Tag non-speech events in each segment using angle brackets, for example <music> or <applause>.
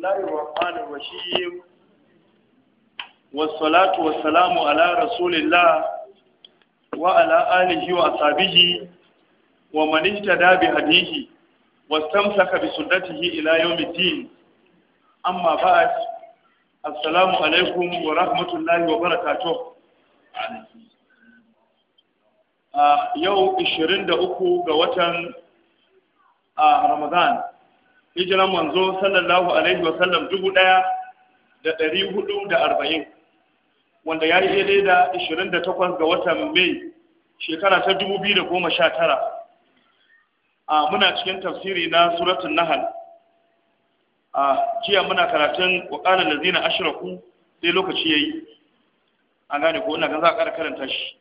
الله الرحمن الرحيم والصلاة والسلام على رسول الله وعلى آله وأصحابه ومن اهتدى بهديه واستمسك بسنته إلى يوم الدين أما بعد السلام عليكم ورحمة الله وبركاته يوم 23 ga watan رمضان hijiran manzo sallallahu alaihi wa sallam dubu ɗaya da ɗari hudu da arba'in wanda ya yi daidai da ishirin da takwas ga watan mai shekara ta dubu biyu da goma sha tara a muna cikin tafsiri na suratun nahal a jiya muna karatun da zina ashiraku sai lokaci ya yi a gane ko ina gan za a ƙara karanta shi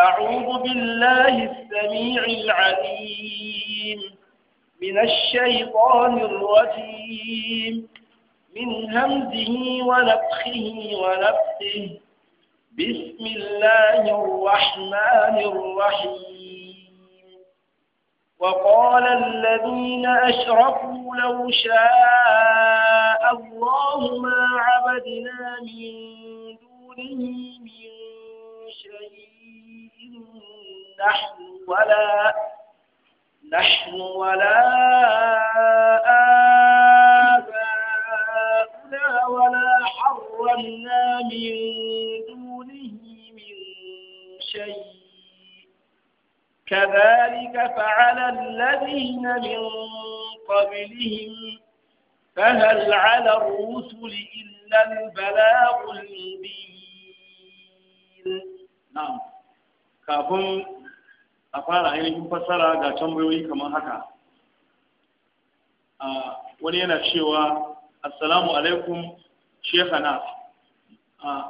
أعوذ بالله السميع العليم من الشيطان الرجيم من همزه ونفخه ونفسه بسم الله الرحمن الرحيم وقال الذين أشركوا لو شاء الله ما عبدنا من دونه من شيء نحن ولا نحن ولا آباؤنا ولا حرمنا من دونه من شيء كذلك فعل الذين من قبلهم فهل على الرسل إلا البلاغ المبين نعم كهم a fara ainihin fassara ga tambayoyi kamar haka wani yana cewa assalamu alaikum shekana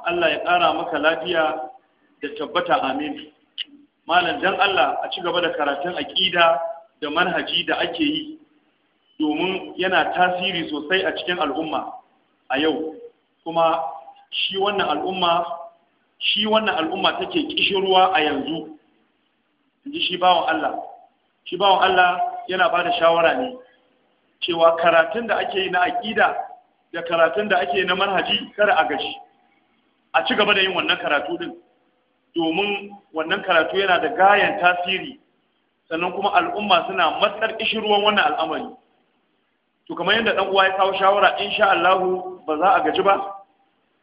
Allah ya ƙara maka lafiya da tabbata amin malam dan Allah a ci gaba da karatun aƙida da manhaji da ake yi domin yana tasiri sosai a cikin al'umma a yau kuma shi wannan al'umma shi wannan al'umma take kishirwa a yanzu Inji shi bawan Allah shi bawan Allah yana ba da shawara ne cewa karatun da ake yi na aƙida da karatun da ake yi na manhaji kada a gashi a ci gaba da yin wannan karatu din domin wannan karatu yana da gayan tasiri sannan kuma al'umma suna matsar ishiruwan wannan al'amari to kamar yadda dan uwa ya kawo shawara insha Allah ba za a gaji ba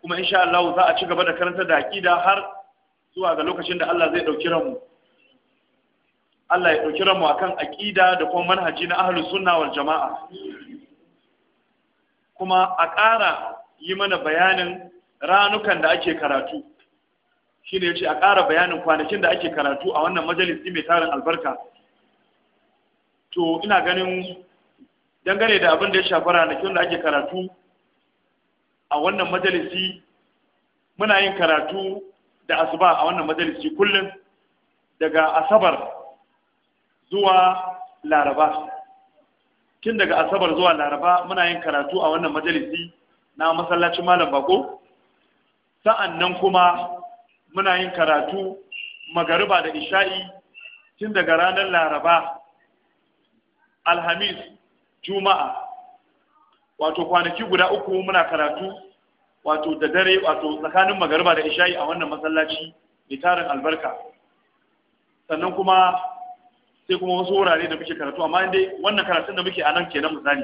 kuma insha Allah za a ci gaba da karanta da aqida har zuwa ga lokacin da Allah zai dauki ranmu Allah ya ɗauki ranmu kan aƙida da kuma manhaji na ahalus sunna wal jama'a kuma a ƙara yi mana bayanin ranukan da ake karatu shi ne ce a ƙara bayanin kwanakin da ake karatu a wannan majalisi mai tarin albarka to ina ganin dangane da abin da ya shafa ranakin da ake karatu a wannan majalisi muna yin karatu da asuba a wannan majalisi kullum daga asabar zuwa laraba tun daga asabar zuwa laraba muna yin karatu a wannan majalisi na masallacin malam bako sa'an nan kuma muna yin karatu magariba da isha'i tun daga ranar laraba alhamis juma'a wato kwanaki guda uku muna karatu wato da dare wato tsakanin magariba da isha'i a wannan masallaci mai tarin albarka sannan kuma sai kuma wasu wurare da muke karatu amma dai wannan karatun da muke a nan na misali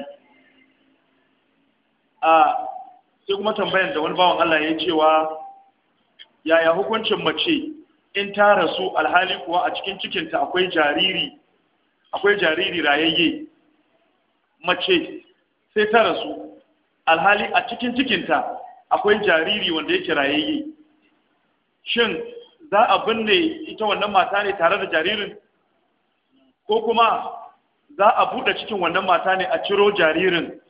a sai kuma tambayar da wani bawan Allah ya yi cewa yaya hukuncin mace in ta rasu alhali kuwa a cikin cikinta akwai jariri akwai jariri rayayye mace sai ta rasu alhali a cikin cikinta akwai jariri wanda yake rayayye shin za a binne ita wannan mata ne tare da jaririn ko kuma za a buɗe cikin wannan mata ne a ciro jaririn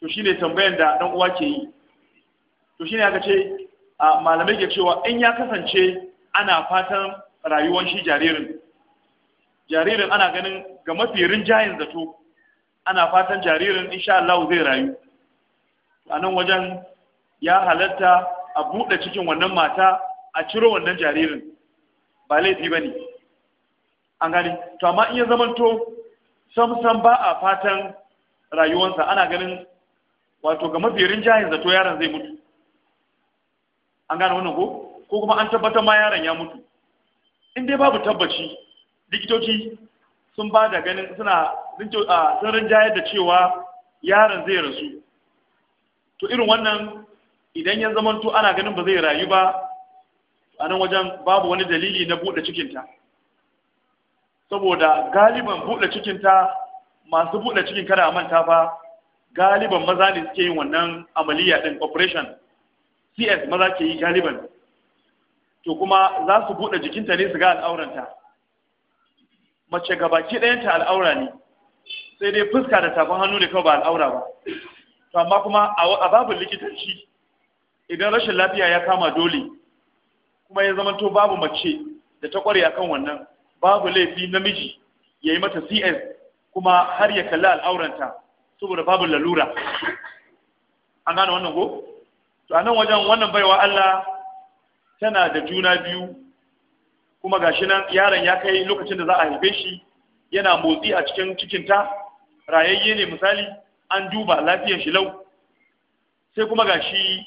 to shine tambayan da ɗan uwa ke yi to shine aka ce a malamai ke cewa in ya kasance ana fatan rayuwar shi jaririn jaririn ana ganin ga mafi rinjayen zato ana fatan jaririn insha Allah zai rayu a nan wajen ya halatta a buɗe cikin wannan mata a ciro wannan jaririn ba laifi ba ne an gani to amma in ya zamanto sam sam ba a fatan rayuwansa ana ganin wato ga mafirin jahin zato yaron zai mutu an gane wannan ko ko kuma an tabbatar ma yaron ya mutu in dai babu tabbaci likitoci sun ba da ganin suna sun rinjayar da cewa yaron zai rasu to irin wannan idan ya zamanto ana ganin ba zai rayu ba a nan wajen babu wani dalili na buɗe cikinta saboda galiban buɗe cikinta, masu buɗe cikin kada a manta ba, galiban maza ne suke yin wannan amaliya din operation cs maza ke yi galiban to kuma za su buɗe jikinta ne su ga al'auranta mace gabaki ɗayanta al'aura ne sai dai fuska da tafin hannu ne kawai ba al'aura ba to amma kuma a babin likitanci idan rashin lafiya ya kama dole kuma ya zama to babu mace da ta kware akan wannan babu laifi namiji ya yi mata cs kuma har ya kalli al'auranta saboda babu lalura an gane wannan ko to a nan wajen wannan baiwa Allah tana da juna biyu kuma gashi nan yaron ya kai lokacin da za a haife shi yana motsi a cikin cikinta rayayye ne misali an duba lafiyar shi lau sai kuma gashi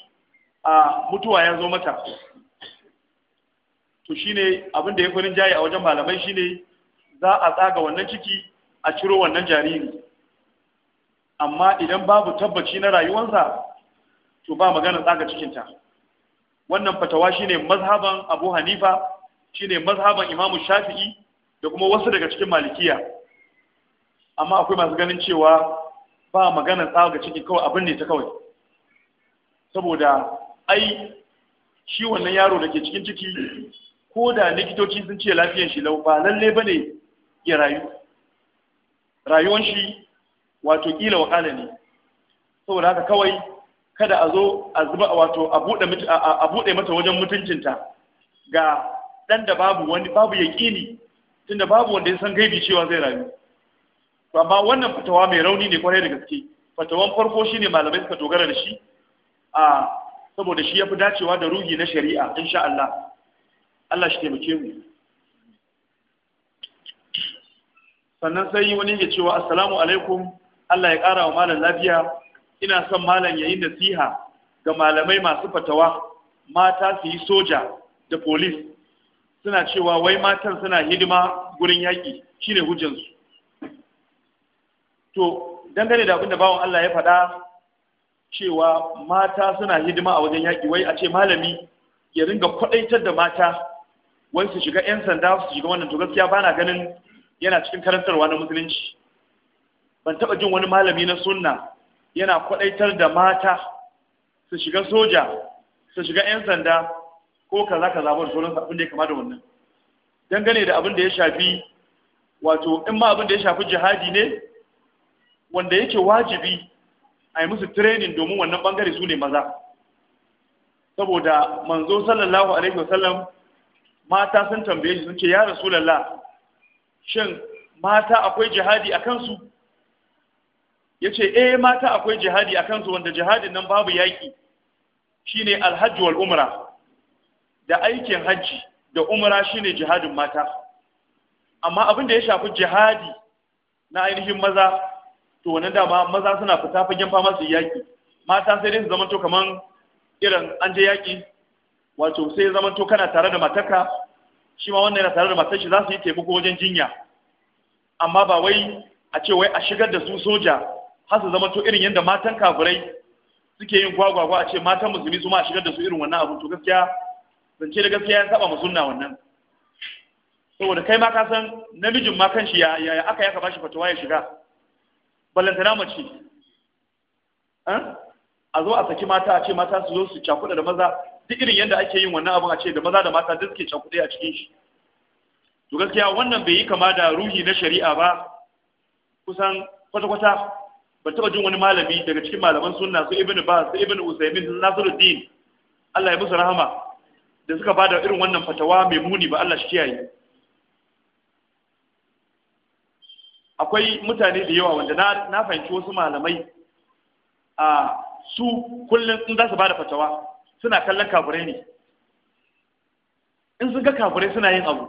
a mutuwa ya zo mata to shine abin da ya fi jayi a wajen malamai shine za a tsaga wannan ciki a ciro wannan jariri amma idan babu tabbaci na rayuwarsa to ba magana tsaga cikinta wannan fatawa shine mazhaban Abu Hanifa shine mazhaban Imam Shafi'i da kuma wasu daga cikin malikiya amma akwai masu ganin cewa ba magana tsaga ciki kawai abin ne ta kawai saboda ai shi wannan yaro da ke cikin ciki ko da likitoci sun ce lafiyar shi lau ba lalle ba ne ya rayu rayuwan shi wato kila kala ne saboda haka kawai kada a zo a zuba wato a buɗe mata wajen mutuncinta ga ɗan da babu wani babu tun da babu wanda ya san gaibi cewa zai rayu to amma wannan fatawa mai rauni ne kwarai da gaske fatawan farko shi ne malamai suka dogara da shi a saboda shi ya fi dacewa da ruhi na shari'a insha Allah Allah shi taimake mu sannan sai wani ya cewa assalamu alaikum Allah ya ƙara wa malam lafiya ina son malam yayin nasiha ga malamai masu fatawa mata su yi soja da polis suna cewa wai matan suna hidima gurin yaƙi shine hujjansu to dangane da abin da bawan Allah ya faɗa cewa mata suna hidima a wajen yaƙi wai a ce malami ya ringa kwaɗaitar da mata wai su shiga 'yan sanda su shiga wannan to gaskiya ba na ganin yana cikin karantarwa na musulunci ban taɓa jin wani malami na sunna yana kwadaitar da mata su shiga soja su shiga 'yan sanda ko kaza kaza ba da abin da ya kama da wannan dangane da abin da ya shafi wato in ma abin da ya shafi jihadi ne wanda yake wajibi a yi musu training domin wannan bangare su ne maza saboda manzo sallallahu alaihi wasallam mata sun tambaye sun ce ya rasulullah shin mata akwai jihadi a kansu Ya ce eh mata akwai jihadi a kansu wanda jihadin nan babu yaki shine Alhaji wal umra da aikin hajji da umra shine jihadin mata amma abin da ya shafi jihadi na ainihin maza to wannan dama maza suna fita fagen fama su yaƙi? mata sai dai su zama to kaman irin an je yaƙi. wato sai zaman to kana tare da mataka? shi ma wannan yana tare da matashi za su yi taimako wajen jinya amma ba wai a ce wai a shigar da su soja har su zama to irin yadda matan kafirai suke yin gwagwagwa a ce matan musulmi su ma a shigar da su irin wannan abin to gaskiya zance da gaskiya ya saba musunna wannan saboda kai ma ka san namijin ma kanshi ya ya aka yaka bashi fatawa ya shiga na mace a zo a saki mata a ce mata su zo su cakuɗa da maza duk irin yadda ake yin wannan abin a ce da maza da mata duk ke cakuɗe a cikin shi to gaskiya wannan bai yi kama da ruhi na shari'a ba kusan kwata-kwata ba taɓa jin wani malami daga cikin malaman sunna su ibnu ba su ibnu usaimin nasiruddin Allah ya musu rahama da suka bada irin wannan fatawa mai muni ba Allah shi kiyaye akwai mutane da yawa wanda na, fahimci wasu malamai a su kullum in za su bada fatawa suna kallon kafirai ne in sun ga kafirai suna yin abu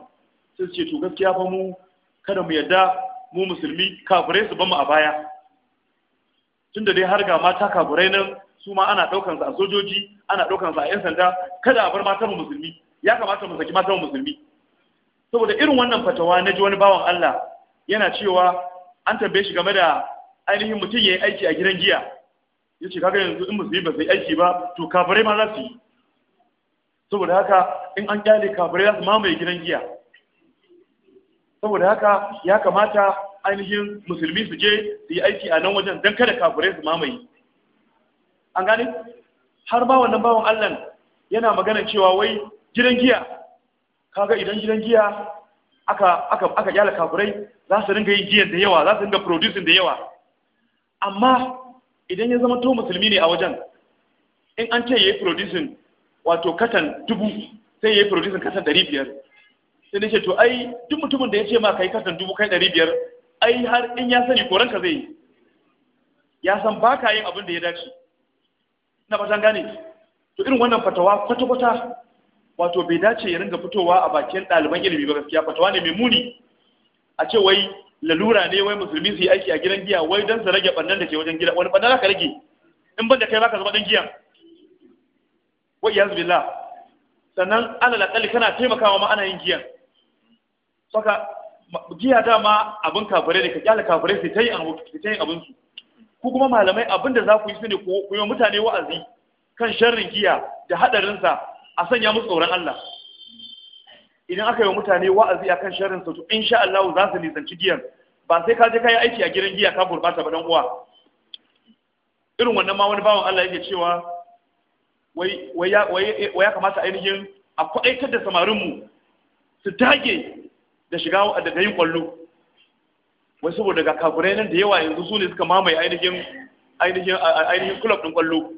sai su ce to gaskiya fa mu kada mu yarda mu musulmi kafirai su mu a baya tunda dai har ga mata kafirai nan su ma ana daukan su a sojoji ana daukan su a yan sanda kada a bar mata mu musulmi ya kamata mu saki mata mu musulmi saboda irin wannan fatawa na ji wani bawan Allah yana cewa an tambaye shi game da ainihin mutum yi aiki a gidan giya yace ga kaga yanzu in musu yi ba su aiki ba to kafirai ma za su yi saboda haka in an kyale kafirai za su mamaye gidan giya saboda haka ya kamata ainihin musulmi su je su yi aiki a nan wajen don kada kafirai su mamaye an gane har ma wannan bawan allah yana magana cewa wai gidan giya kaga idan gidan giya aka aka aka kyale kafirai za su dinga yin giyan da yawa za su dinga producing da yawa amma idan ya zama to musulmi ne a wajen in an ce ya yi producing wato katan dubu sai ya yi producing katan ɗari biyar sai na ce to ai duk mutumin da ya ce ma ka yi katan dubu kai ɗari biyar ai har in ya sani koranka zai yi ya san ba ka yin abin da ya dace na ba gane to irin wannan fatawa kwata-kwata wato bai dace ya ringa fitowa a bakin ɗaliban ilimi ba gaskiya fatawa ne mai muni a ce wai lalura ne wai musulmi su yi aiki a gidan giya wai don su rage bannan da ke wajen gida wani bannan ka rage in ban da kai baka zama dan giya? wa iyaz billah sannan alal aqalli kana taimakawa ma ana yin giya saka giya dama abin kafare ne ka kyala kafare su ta yi abin su ku kuma malamai abin da za ku yi su ne ku yi mutane wa'azi kan sharrin giya da haɗarinsa a sanya musu tsoron Allah idan aka yi wa mutane wa'azi akan sharrin sa to insha Allah za su nisanci giyan ba sai ka je ka yi aiki a gidan giya ka gurbata ba dan uwa irin wannan ma wani bawan Allah yake cewa wai wai ya kamata ainihin a kwaɗaitar da samarin mu su dage da shiga da yin kwallo wai saboda ga kagurai nan da yawa yanzu su ne suka mamaye ainihin ainihin ainihin din kwallo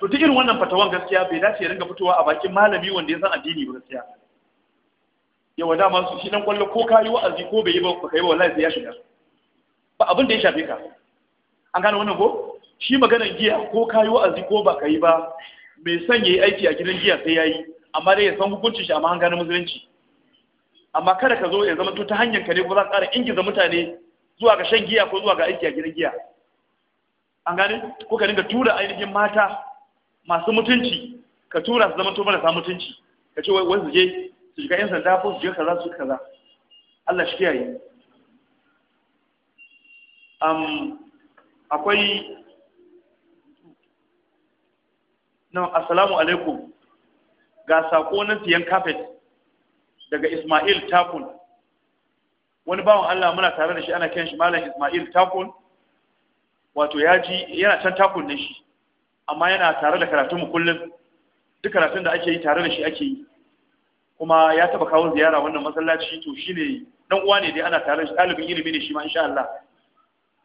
to ta irin wannan fatawan gaskiya bai dace ya ringa fitowa a bakin malami wanda ya san addini ba gaskiya yawa dama su shi nan kwallo ko kayi wa'azi ko bai yi ba ka yi ba wallahi sai ya shiga ba abin da ya shafe ka an gane wannan ko shi maganar giya ko kayi wa'azi ko ba ka yi ba mai sanya ya yi aiki a gidan giya sai ya yi amma dai ya san hukuncin shi amma an gane musulunci amma kada ka zo ya zama to ta hanyar ka ne ko za ka ƙara ingiza mutane zuwa ga shan giya ko zuwa ga aiki a gidan giya an gane ko ka dinga tura ainihin mata masu mutunci ka tura su zama to marasa mutunci ka ce wai su je su shiga yan sanda ko su je kaza su kaza Allah shi kiyaye um akwai na assalamu alaikum ga sako na siyan kafet daga Ismail Takun wani bawan Allah muna tare da shi ana kiran shi malam Ismail Takun wato ya ji yana can takun ne shi amma yana tare da karatun mu kullum duk karatun da ake yi tare da shi ake yi kuma ya taba kawo ziyara wannan masallaci to shine dan uwa ne dai ana tare shi talibin ilimi ne shi ma insha Allah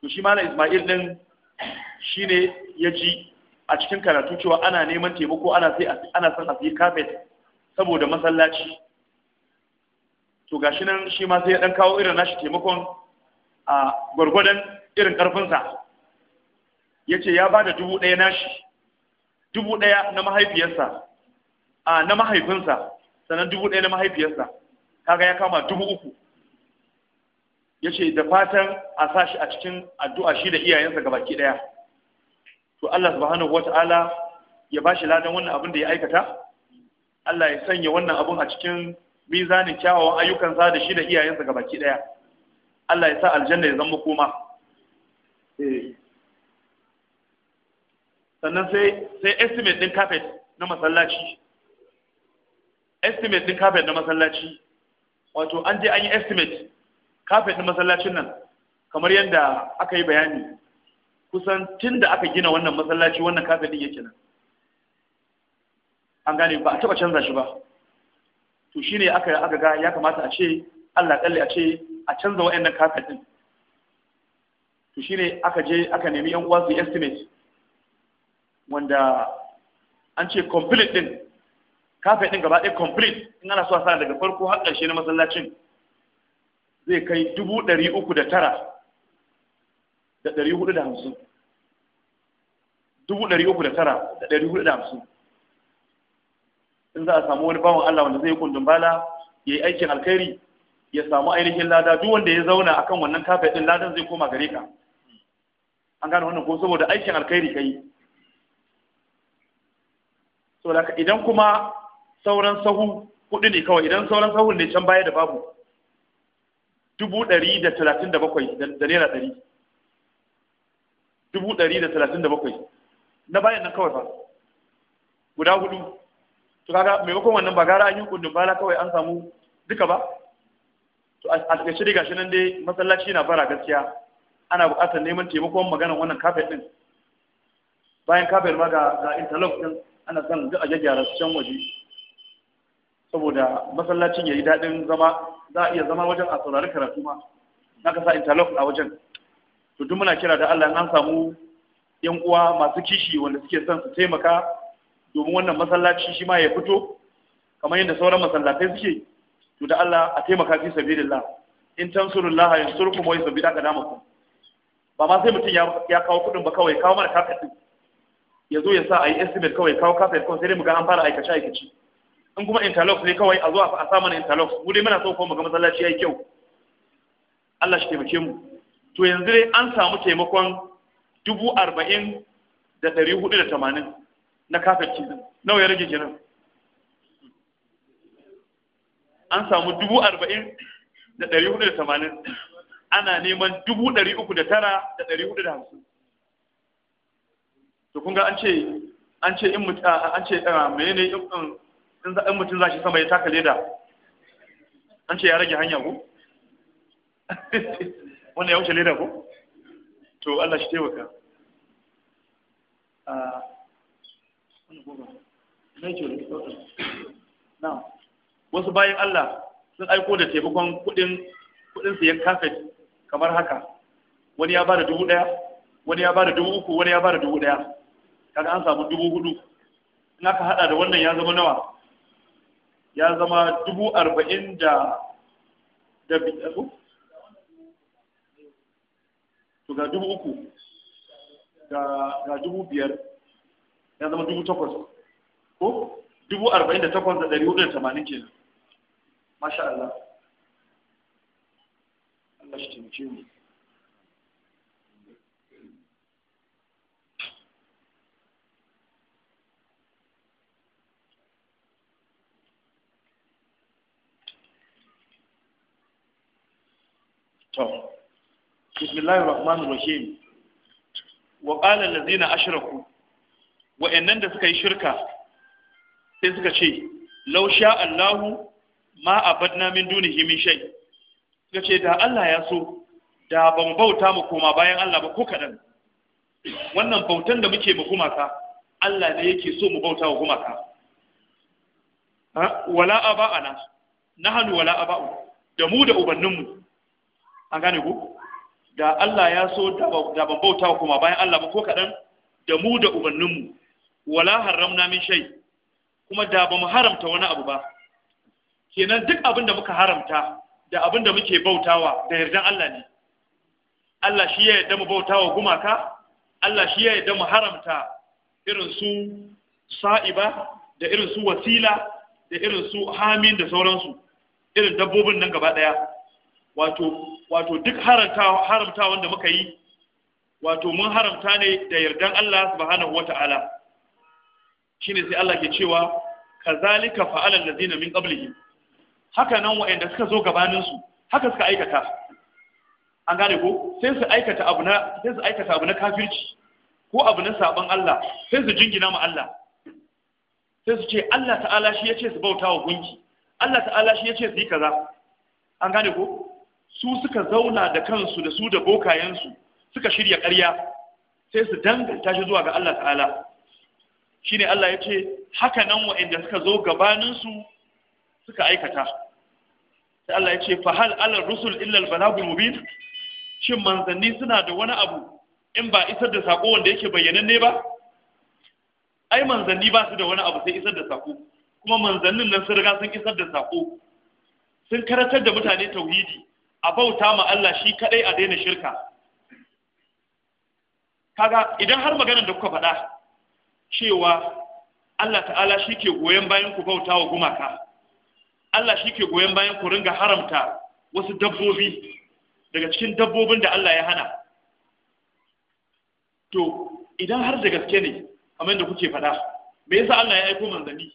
to shi malam Ismail din shine ya ji a cikin karatu cewa ana neman taimako ana sai ana son a sayi carpet saboda masallaci to gashi nan shi ma sai ya dan kawo irin nashi taimakon a gwargwadon irin karfinsa ya ce ya ba da dubu ɗaya nashi dubu ɗaya na mahaifiyarsa a na mahaifinsa sannan dubu ɗaya na mahaifiyarsa kaga ya kama dubu uku ya ce da fatan a sa shi a cikin addu'a shi da iyayensa ga baki ɗaya to Allah subhanahu wata'ala ya ba shi ladan wannan abin da ya aikata Allah ya sanya wannan abin a cikin mizanin kyawawan ayyukansa da shi da iyayensa ga baki ɗaya Allah ya sa aljanna ya zama koma eh. sannan sai estimate ɗin kafet na masallaci estimate din kafet na masallaci wato an je an yi estimate kafet na masallacin nan kamar yadda aka yi bayani kusan tun da aka gina wannan masallaci wannan kafet din yake nan an gane ba a taba canza shi ba to shine aka aka ga ya kamata a ce Allah kalle a ce a canza wayannan kafet din to shine aka je aka nemi yan uwa su estimate wanda an ce complete din kafin ɗin gaba ɗaya complete in ana so a sa daga farko har ƙarshe na masallacin zai kai dubu ɗari uku da tara da ɗari hudu da hamsin dubu ɗari uku da tara da ɗari hudu da hamsin in za a samu wani bawan Allah wanda zai kundin bala ya yi aikin alkhairi ya samu ainihin lada duk wanda ya zauna akan wannan kafe ɗin ladan zai koma gare ka an gane wannan ko saboda aikin alkhairi ka yi saboda idan kuma sauran sahu hudu ne kawai idan sauran sahun ne can baya da babu dubu ɗari da talatin da bakwai da naira ɗari dubu ɗari da talatin da bakwai na bayan nan kawai fa guda hudu to kaga maimakon wannan ba gara an yi kundin bala kawai an samu duka ba to a takaice dai gashi nan dai masallaci na fara gaskiya ana buƙatar neman taimakon maganar wannan kafet ɗin, bayan kafet ma ga interlock din ana son duk a gyara su can waje saboda masallacin ya yi daɗin zama za a iya zama wajen a saurari karatu ma na sa interlock a wajen to duk muna kira da Allah an samu yan uwa masu kishi wanda suke son su taimaka domin wannan masallaci shi ma ya fito kamar yadda sauran masallatai suke to da Allah a taimaka fi sabilillah in tansurullaha yansurkum wa yusabbit aqdamakum ba ma sai mutum ya kawo kuɗin ba kawai kawo mana kafet ya zo ya sa a yi estimate kawai kawo kafet kawai sai dai mu ga an fara aikace aikace in kuma interlock ne kawai a zuwa a sa mana interlock mu dai muna so ko mu ga masallaci yayi kyau Allah shi taimake mu to yanzu dai an samu taimakon dubu arba'in da ɗari hudu da tamanin na cizon. nawa ya rage kenan an samu dubu arba'in da ɗari hudu da tamanin ana neman dubu ɗari uku da tara da ɗari hudu da hamsin to kun ga an ce an ce in mutu an ce mene ne um, in za mutum za shi sama ya taka leda an ce ya rage hanya ko <laughs> wanda ya wuce leda ko to Allah shi taimaka ah, a wasu bayan Allah sun aiko da taimakon kudin kudin siyan kafet kamar haka wani ya bada dubu daya wani ya bada dubu uku wani ya bada dubu daya kaga an samu dubu hudu in aka hada da wannan ya zama nawa ya zama dubu arba'in da da eh, to ga dubu uku ga dubu biyar ya zama dubu takwas ko dubu arba'in da takwas da ɗari hudu da tamanin ke masha Allah Allah shi taimake mu to bismillahir rahmanir rahim wa qala allazina ashraku wa'annan da suka yi shirka sai suka ce law sha Allahu ma abadna min dunihi min shay suka ce da Allah ya so da ba mu bauta mu koma bayan Allah ba ko kadan wannan bautan da muke mu gumaka Allah ne yake so mu bauta wa gumaka wala aba'ana nahnu wala aba'u da mu da ubanninmu an gane ku da Allah ya so da ban bauta kuma bayan Allah ba ko kaɗan da mu da ubanninmu wala haramna min shay kuma da ba mu haramta wani abu ba kenan duk abin da muka haramta da abin da muke bautawa da yardan Allah ne Allah shi ya yarda mu bautawa gumaka Allah shi ya yarda mu haramta irin su sa'iba da irin su wasila da irin su hamin da sauransu irin dabbobin nan gaba ɗaya. wato wato duk haramta wanda muka yi wato mun haramta ne da yardan Allah subhanahu wata'ala shine sai Allah ke cewa kazalika fa'ala allazina min qablihim haka nan wa'anda suka zo gabanin su haka suka aikata an gane ko sai su aikata abu na sai su aikata abu na kafirci ko abu na saban Allah sai su jingina ma Allah sai su ce Allah ta'ala shi yace su bautawa gunki Allah ta'ala shi yace su yi kaza an gane ko su suka zauna da kansu da su da bokayensu suka shirya ƙarya sai su danganta shi zuwa ga Allah ta'ala shine Allah ya ce haka nan wa'inda suka zo gabaninsu suka aikata sai Allah ya ce fahal alal rusul illal balagul mubin shin manzanni suna da wani abu in ba isar da sako wanda yake bayyananne ba ai manzanni ba su da wani abu sai isar da sako kuma manzannin nan sun riga sun isar da sako sun karatar da mutane tauhidi a bauta ma Allah shi kadai a daina shirka kaga idan har maganar da kuka faɗa cewa Allah ta'ala shi ke goyon bayan ku bauta wa gumaka Allah shi ke goyon bayan ku ringa haramta wasu dabbobi daga cikin dabbobin da Allah ya hana to idan har da gaske ne kamar da kuke faɗa me yasa Allah ya aiko manzanni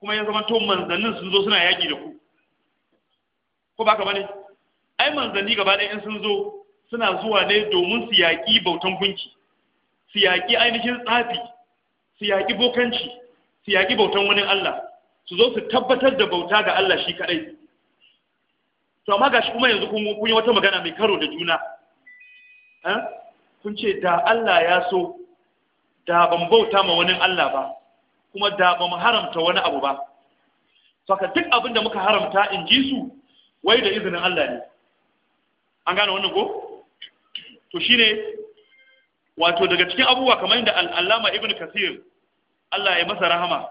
kuma ya zama to manzannin sun zo suna yaƙi da ku ko ba ka bane ai manzanni gaba ɗaya in sun zo suna zuwa ne domin su yaƙi bautan gunki su yaƙi ainihin tsafi su yaƙi bokanci su yaƙi bautan wani Allah su zo su tabbatar da bauta ga Allah shi kaɗai to amma gashi kuma yanzu kun kun yi wata magana mai karo da juna eh? kun ce da Allah ya so da ban bauta ma wani Allah ba kuma da ba mu haramta wani abu ba saka duk abin da muka haramta in ji su wai da izinin Allah ne an gane wannan ko to shine wato daga cikin abubuwa kamar yadda al'allama ibn kasir Allah ya masa rahama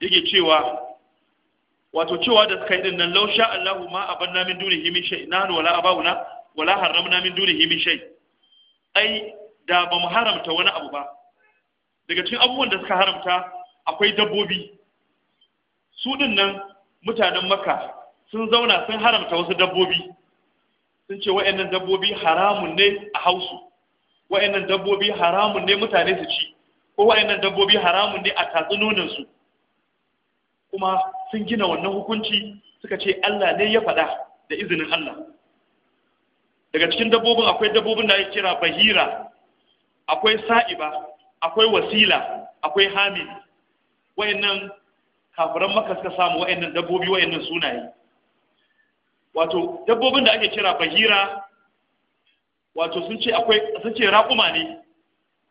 yake cewa wato cewa da suka yi din nan lausha Allahu ma abanna min dunihi min shay nanu wala abawna wala haramna min dunihi min shay ai da ba mu haramta wani abu ba daga cikin abubuwan da suka haramta akwai dabbobi su din nan mutanen makka sun zauna sun haramta wasu dabbobi sun ce wa'annan dabbobi haramun ne a hausu wa'annan dabbobi haramun ne mutane su ci ko wa'annan dabbobi haramun ne a tatsunoninsu kuma sun gina wannan hukunci suka ce Allah ne ya faɗa da izinin Allah daga cikin dabbobin akwai dabbobin da ake kira bahira akwai sa'iba akwai wasila akwai hamil wayannan kafiran maka suka samu wayannan dabbobi wayannan sunaye wato dabbobin da ake kira bahira wato sun ce akwai sun ce raƙuma ne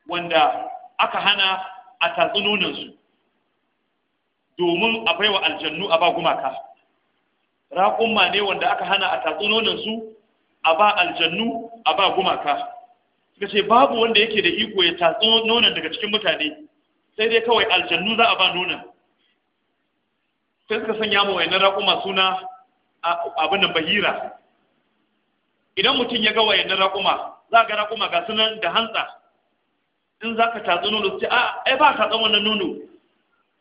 wanda aka hana a tatsi nonansu domin a baiwa aljannu a ba gumaka raƙuma ne wanda aka hana a tatsi nonansu a ba aljannu a ba gumaka suka ce babu wanda yake da iko ya tatsi nonon daga cikin mutane sai dai kawai aljannu za a ba nonon sai suka sanya ma wayannan raƙuma suna abin nan bahira idan mutum ya ga wayannan raƙuma za ga raƙuma ga sunan da hantsa in za ka tatsi nono ce a ah, ai ba ka tatsan wannan nono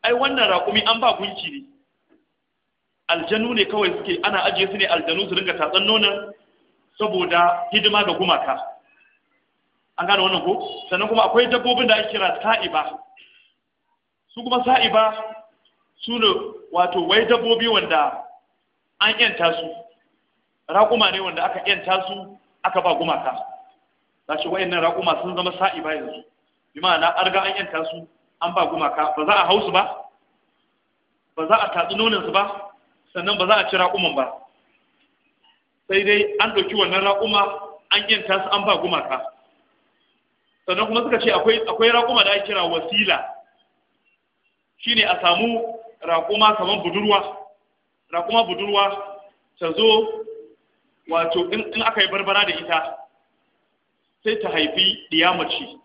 ai wannan raƙumi an ba gunki ne aljanu ne kawai suke ana ajiye su ne aljanu su ringa tatsan nonon saboda hidima ga gumaka an gane wannan ko sannan kuma akwai dabbobin da ake kira sa'iba su kuma sa'iba su ne wato wai dabbobi wanda an yanta su raƙuma ne wanda aka yanta su aka ba gumaka za shi wayannan raƙuma sun zama sa'i ba yanzu bi ma'ana an arga an yanta su an ba gumaka ba za a hausu ba ba za a tatsi noninsu ba sannan ba za a ci raƙuman ba sai dai an ɗauki wannan raƙuma an yanta su an ba gumaka sannan kuma suka ce akwai raƙuma da ake kira wasila shine a samu raƙuma kamar budurwa kuma budurwa ta zo wato in aka yi barbara da ita sai ta haifi ɗiyamaci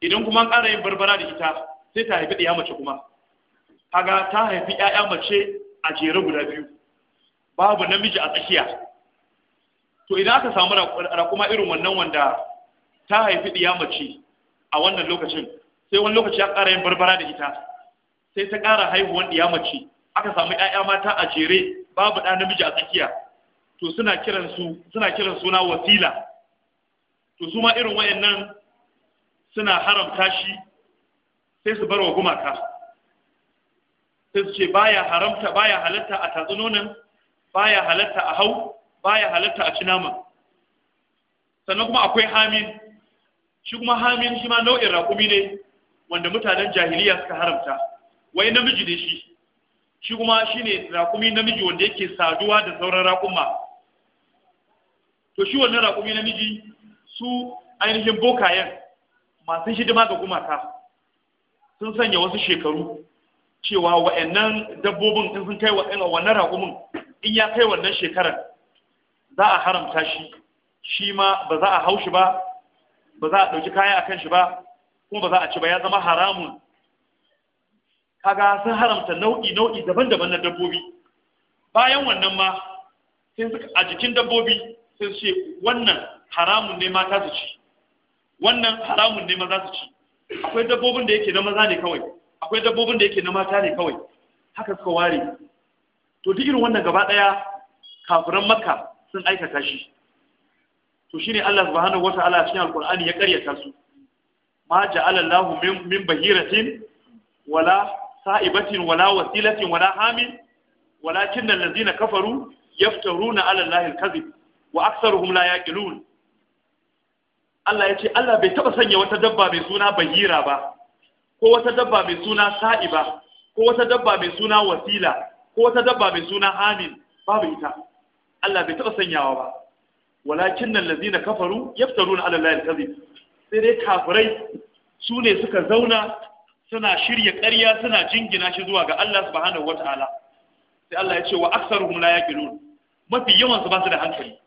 idan kuma an ƙara yin barbara da ita sai ta haifi ɗiyamaci kuma kaga ta haifi ‘ya'ya mace a jere guda biyu babu namiji a tsakiya to idan aka samu raƙuma irin wannan wanda ta haifi ɗiyamaci a wannan lokacin sai wani lokaci ya ƙara yin barbara da ita sai ta ƙara haihuwan ɗiyamaci aka samu ƴaƴa mata a jere babu ɗa namiji a tsakiya to suna kiran su suna kiran suna wasila to su ma irin wayannan suna haramta shi sai su barwa gumaka sai su ce baya haramta baya halatta a tatsi nonon baya halatta a hau baya halatta a ci nama sannan kuma akwai hamin shi kuma hamin shi ma nau'in raƙumi ne wanda mutanen jahiliya suka haramta wai namiji ne shi shi kuma shi ne rakumi namiji wanda yake saduwa da sauran rakuma to shi wannan rakumi namiji su ainihin bokayen masu hidima ga gumaka sun sanya wasu shekaru cewa wa'annan dabbobin in sun kai wannan raƙumin in ya kai wannan shekarar za a haramta shi shi ma ba za a hau ba ba za a ɗauki kaya a kan shi ba kuma ba za a ci ba ya zama haramun kaga sun haramta nau'i nau'i daban-daban na dabbobi bayan wannan ma sai suka a jikin dabbobi sai su ce wannan haramun ne mata su ci wannan haramun ne maza su ci akwai dabbobin da yake na maza ne kawai akwai dabbobin da yake na mata ne kawai haka suka ware to duk irin wannan gaba daya kafiran makka sun aikata shi to shine Allah subhanahu wata'ala a cikin alqur'ani ya karyata su ma ja'ala Allahu min bahiratin wala sa'ibatin wala wasilatin wala hamin walakin allazina kafaru yaftaruna ala allahi alkazib wa aksar aktharuhum la yaqilun Allah ya ce Allah bai taɓa sanya wata dabba mai suna bahira ba ko wata dabba mai suna sa'iba ko wata dabba mai suna wasila ko wata dabba mai suna hamin babu ita Allah bai taɓa sanyawa ba walakin allazina kafaru yaftaruna ala allahi alkazib sai dai kafirai su ne suka zauna suna shirya ƙarya suna jingina shi zuwa ga Allah subhanahu wata'ala sai Allah ya ce wa aktsaruhum la yaqilun mafi yawan su ba su da hankali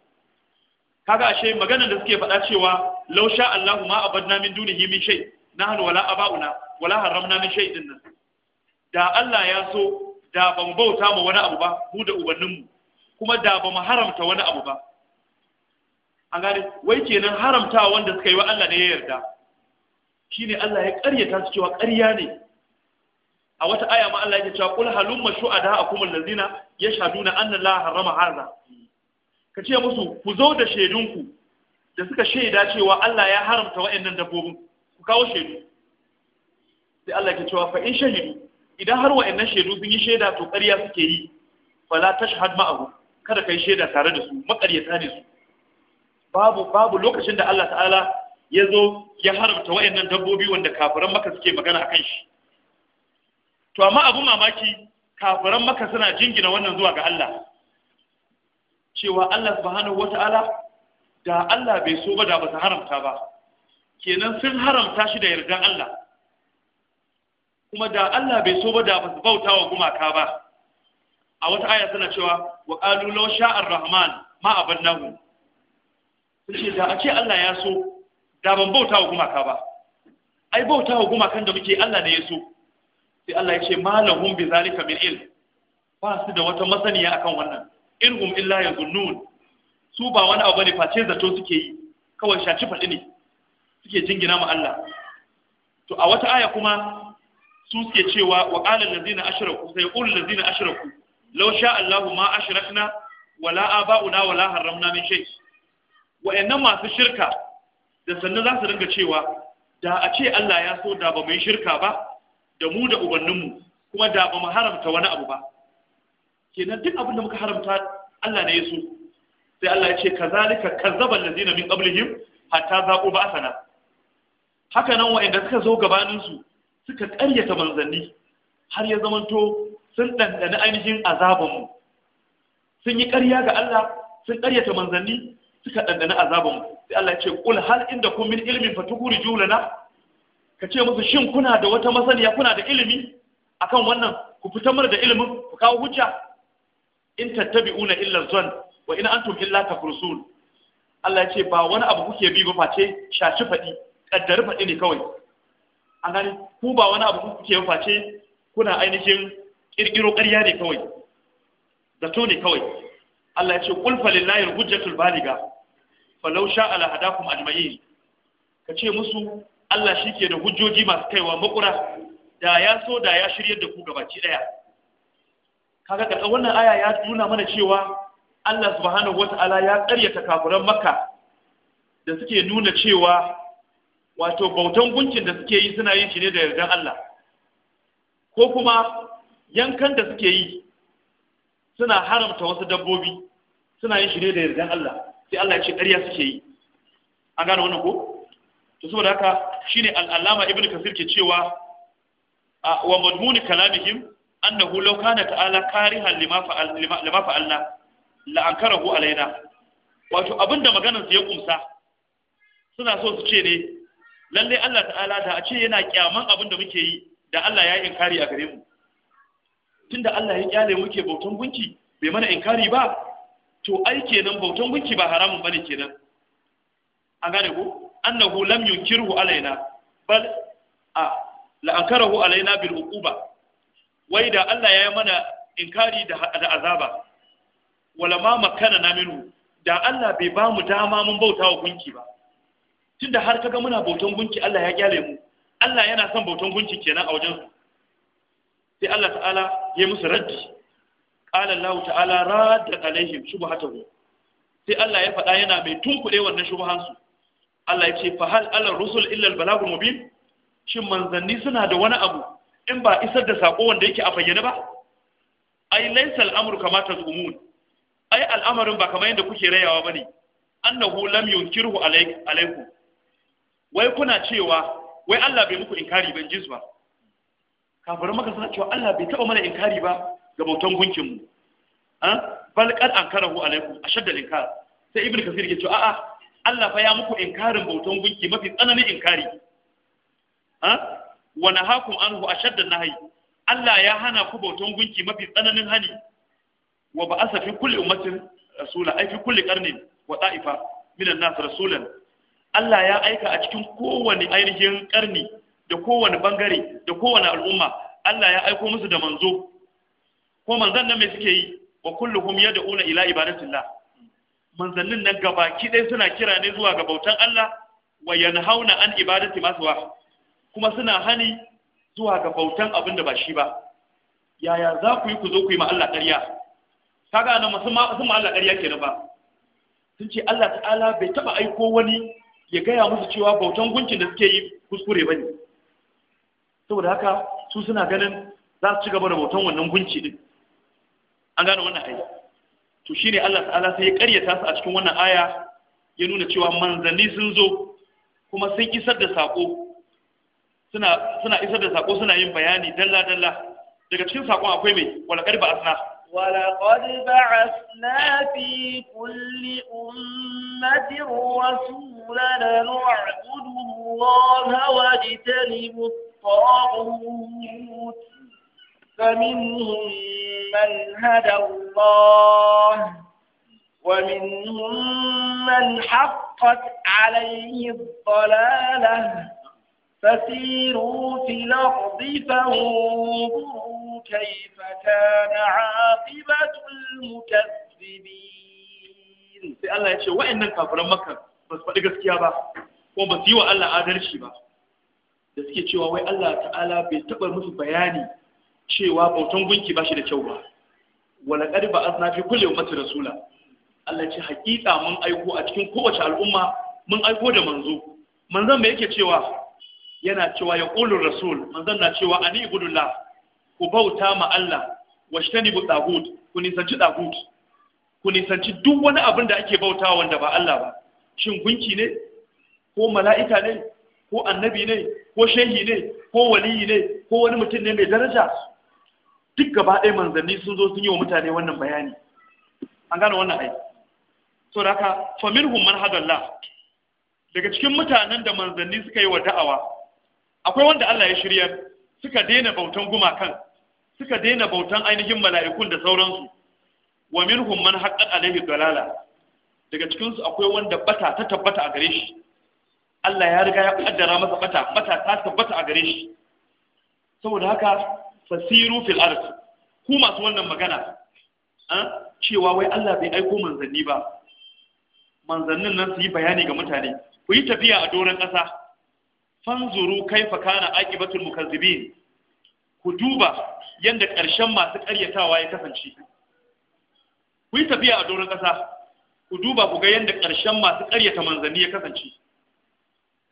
kaga ashe maganar da suke faɗa cewa law sha Allahu ma abadna min dunihi min shay nahnu wala aba'una wala haramna min shay din da Allah ya so da ban bauta ma wani abu ba mu da ubanninmu kuma da ba mu haramta wani abu ba an gane wai kenan haramta wanda suka yi wa Allah ne ya yarda Shi shine Allah ya karyata su cewa ƙarya ne a wata aya ma Allah ya cewa qul halumma akum allazina yashhaduna anna la harrama hadha kace musu ku zo da shedunku da suka shaida cewa Allah ya haramta wa'annan dabbobin ku kawo shedu sai Allah ya cewa fa in shahidu idan har wa'annan shedu sun yi shaida to ƙarya suke yi fala tashhad ma'ahu kada kai shaida tare da su maƙaryata ne su babu babu lokacin da Allah ta'ala ya zo ya haramta waɗannan dabbobi wanda kafiran maka suke magana a kan shi to amma abu mamaki kafiran maka suna jingina wannan zuwa ga Allah cewa Allah subhanahu wata'ala da Allah bai so ba da ba su haramta ba kenan sun haramta shi da yardan Allah kuma da Allah bai so ba da ba su bauta wa gumaka ba a wata aya suna cewa wa qalu law sha'a rahman ma abannahu sun ce da a ce Allah ya so da ban bauta wa gumaka ba ai bauta wa gumakan da muke Allah ne ya so sai Allah ya ce malahum bi zalika min ilm ba su da wata masaniya akan wannan in hum illa yazunnun su ba wani abu ne face zato suke yi kawai shaci faɗi ne suke jingina ma Allah to a wata aya kuma su suke cewa wa qala allazina ashraku sai qul allazina ashraku law sha Allahu ma ashrakna wala aba'una wala harramna min shay wa'annan masu shirka da sannan za su ringa cewa da a ce Allah ya so da ba mu yi shirka ba da mu da ubanninmu kuma da ba mu haramta wani abu ba kenan duk abin da muka haramta Allah ne ya so sai Allah ya ce kazalika kazzaba allazina min qablihim hatta zaqu ba'sana haka nan wa'anda suka zo gabanin su suka karyata manzanni har ya zamanto sun dandana ainihin azabanmu sun yi ƙarya ga Allah sun ƙaryata manzanni suka ɗanɗani mu sai Allah ce kul hal inda kun min ilmin fatukuri julana ka ce musu shin kuna da wata masaniya kuna da ilimi akan wannan ku fitar mana da ilimin ku kawo hujja in tattabi'una illa zon wa in antum illa tafrusun Allah ya ce ba wani abu kuke bi ba face shashi fadi, kaddari fadi ne kawai an gani ku ba wani abu kuke bi face kuna ainihin kirkiro ƙarya ne kawai zato ne kawai Allah ya ce kul falillahi hujjatul baliga falau sha ala hadakum ajma'in ka ce musu Allah shi ke da hujjoji masu kaiwa makura da ya so da ya shirya da ku gabaci daya kaga karkar wannan aya ya nuna mana cewa Allah subhanahu wata'ala ya karyata kafuran makka da suke nuna cewa wato bautan gunkin da suke yi suna yin shi da yardan Allah ko kuma yankan da suke yi suna haramta wasu dabbobi suna yin shi da yardan Allah sai Allah ya ce ƙarya suke yi an gane wannan ko to saboda haka shine al'alama allama ibnu kasir ke cewa wa madmun kalamihim annahu law kana ta'ala karihan lima fa'al lima fa'alna la ankarahu alaina wato abinda maganar su ya kumsa suna so su ce ne lalle Allah ta'ala da a ce yana kyaman abinda muke yi da Allah ya inkari a gare mu tunda Allah ya kyale muke bautan gunki bai mana inkari ba to ai kenan bautan gunki ba haramun bane kenan an gane ko annahu lam yunkirhu alaina bal a la ankarahu alaina bil uquba wai da Allah ya yi mana inkari da da azaba wala ma makana na minhu da Allah bai ba mu dama mun bauta wa gunki ba tunda har kaga muna bautan gunki Allah ya kyale mu Allah yana son bautan gunki kenan a wajen sai Allah ta'ala ya yi musu raddi qala Allah ta'ala radda alaihim shubhatahu sai Allah ya faɗa yana mai tunkuɗe wannan shubhan su Allah ya ce fa hal ala rusul illa al balagul mubin shin manzanni suna da wani abu in ba isar da sako wanda yake a bayyane ba ai laysa al amru kama tazumun ai al'amarin ba kamar yadda kuke rayawa bane annahu lam yunkirhu alaikum wai kuna cewa wai Allah bai muku inkari ban jisba ba kafirin maka suna cewa Allah bai taba mana inkari ba ga bautan gunkin mu bal qad ankarahu alaikum ashadda inkar sai ibnu kasir ke ce a'a Allah fa ya muku inkarin bautan gunki mafi tsananin inkari ha wa nahakum anhu ashadda nahyi Allah ya hana ku bautan gunki mafi tsananin hani wa ba'asa fi kulli ummatin rasula ai fi kulli qarnin wa ta'ifa minan nas rasulan Allah ya aika a cikin kowane ainihin karni da kowane bangare da kowane al'umma Allah ya aiko musu da manzo ko manzan nan me suke yi wa kulluhum yad'una ila ibadatillah manzannin nan gaba, dai suna kira ne zuwa ga bautan Allah wa yanhauna an ibadati maswa kuma suna hani zuwa ga bautan abinda ba shi ba yaya za ku yi ku zo ku yi ma Allah ƙarya kaga nan sun ma sun ma Allah ƙarya kenan ba sun ce Allah ta'ala bai taba aiko wani ya gaya musu cewa bautan gunkin da suke yi kuskure bane saboda haka su suna ganin za su ci gaba da bautan wannan gunki din an gane wannan ayi to shine Allah ta'ala sai ya karyata su a cikin wannan aya ya nuna cewa manzanni sun zo kuma sun isar da sako suna suna isar da sako suna yin bayani dalla dalla daga cikin sakon akwai mai wala qarba asna wala qad ba'athna fi kulli ummatin rasulan nu'budu Allah wa jitanibu فمنهم من هدى الله ومنهم من حقت عليه الضلالة فسيروا في الأرض فانظروا كيف كان عاقبة المكذبين sai Allah ya ce wa'annan kafiran Makka ba faɗi gaskiya ba ko ba su yi wa Allah adalci ba da suke cewa wai Allah ta'ala bai taɓa musu bayani cewa bautan gunki ba shi da kyau ba wala qad na fi kulli masa rasula Allah ce hakika mun aiko a cikin kowace al'umma mun aiko da manzo manzon me yake cewa yana cewa ya qulur rasul manzon na cewa ani ibudullah ku bauta ma Allah bu tagut ku nisanci tagut ku nisanci duk wani abin da ake bauta wanda ba Allah ba shin gunki ne ko mala'ika ne ko annabi ne ko shehi ne ko waliyi ne ko wani mutum ne mai daraja duk gaba ɗaya manzanni sun zo sun yi wa mutane wannan bayani an gane wannan ai so da haka faminhum humman hadalla daga cikin mutanen da manzanni suka yi wa da'awa akwai wanda Allah ya shirya suka daina bautan gumakan suka daina bautan ainihin mala'ikun da sauransu wa min humman haqqat alaihi dalala daga cikin su akwai wanda bata ta tabbata a gare shi Allah ya riga ya kaddara masa bata bata ta tabbata a gare shi saboda haka fasiru fil ard ku masu wannan magana ah, cewa wai Allah bai aiko manzanni ba manzannin nan su yi bayani ga mutane ku yi tafiya a doron ƙasa fanzuru kaifa kana aqibatul mukazzibin ku duba yanda ƙarshen masu ƙaryatawa ya kasance ku yi tafiya a doron ƙasa ku duba ku ga yanda ƙarshen masu ƙaryata manzanni ya kasance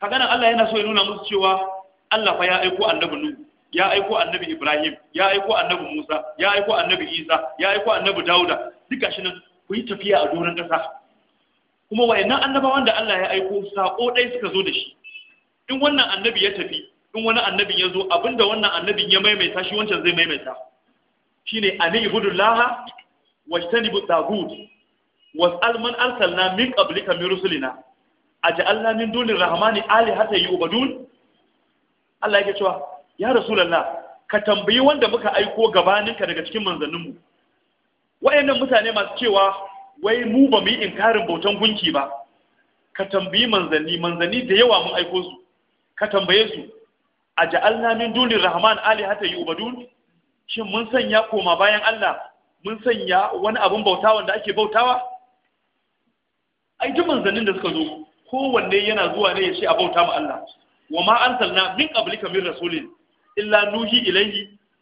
kaga nan Allah yana so ya nuna musu cewa Allah fa ya aiko annabi Nuhu ya aiko annabi Ibrahim ya aiko annabi Musa ya aiko annabi Isa ya aiko annabi Dauda duka shi nan ku yi tafiya a doron ƙasa kuma nan annabawan da Allah ya aiko sako daya suka zo da shi in wannan annabi ya tafi in wani annabi ya zo abinda wannan annabin ya maimaita shi wancan zai maimaita shine ani ibudullah wa tanibu tagut was'al man arsalna min qablika min rusulina aj'alna min dunir rahmani alihatan yu'badun Allah yake cewa ya rasulallah ka tambayi wanda muka aiko gabaninka daga cikin manzanninmu wayannan mutane masu cewa wai mu ba mu yi inkarin bautan gunki ba ka tambayi manzanni manzanni da yawa mun aiko su ka tambaye su a ja'alna min dunin rahman Ali hata yi yu'badun shin mun sanya koma bayan Allah mun sanya wani abin bauta wanda ake bautawa ai duk manzannin da suka zo kowanne yana zuwa ne ya ce a bauta ma Allah wa ma na min qablika min rasulin illa nuhi ilayhi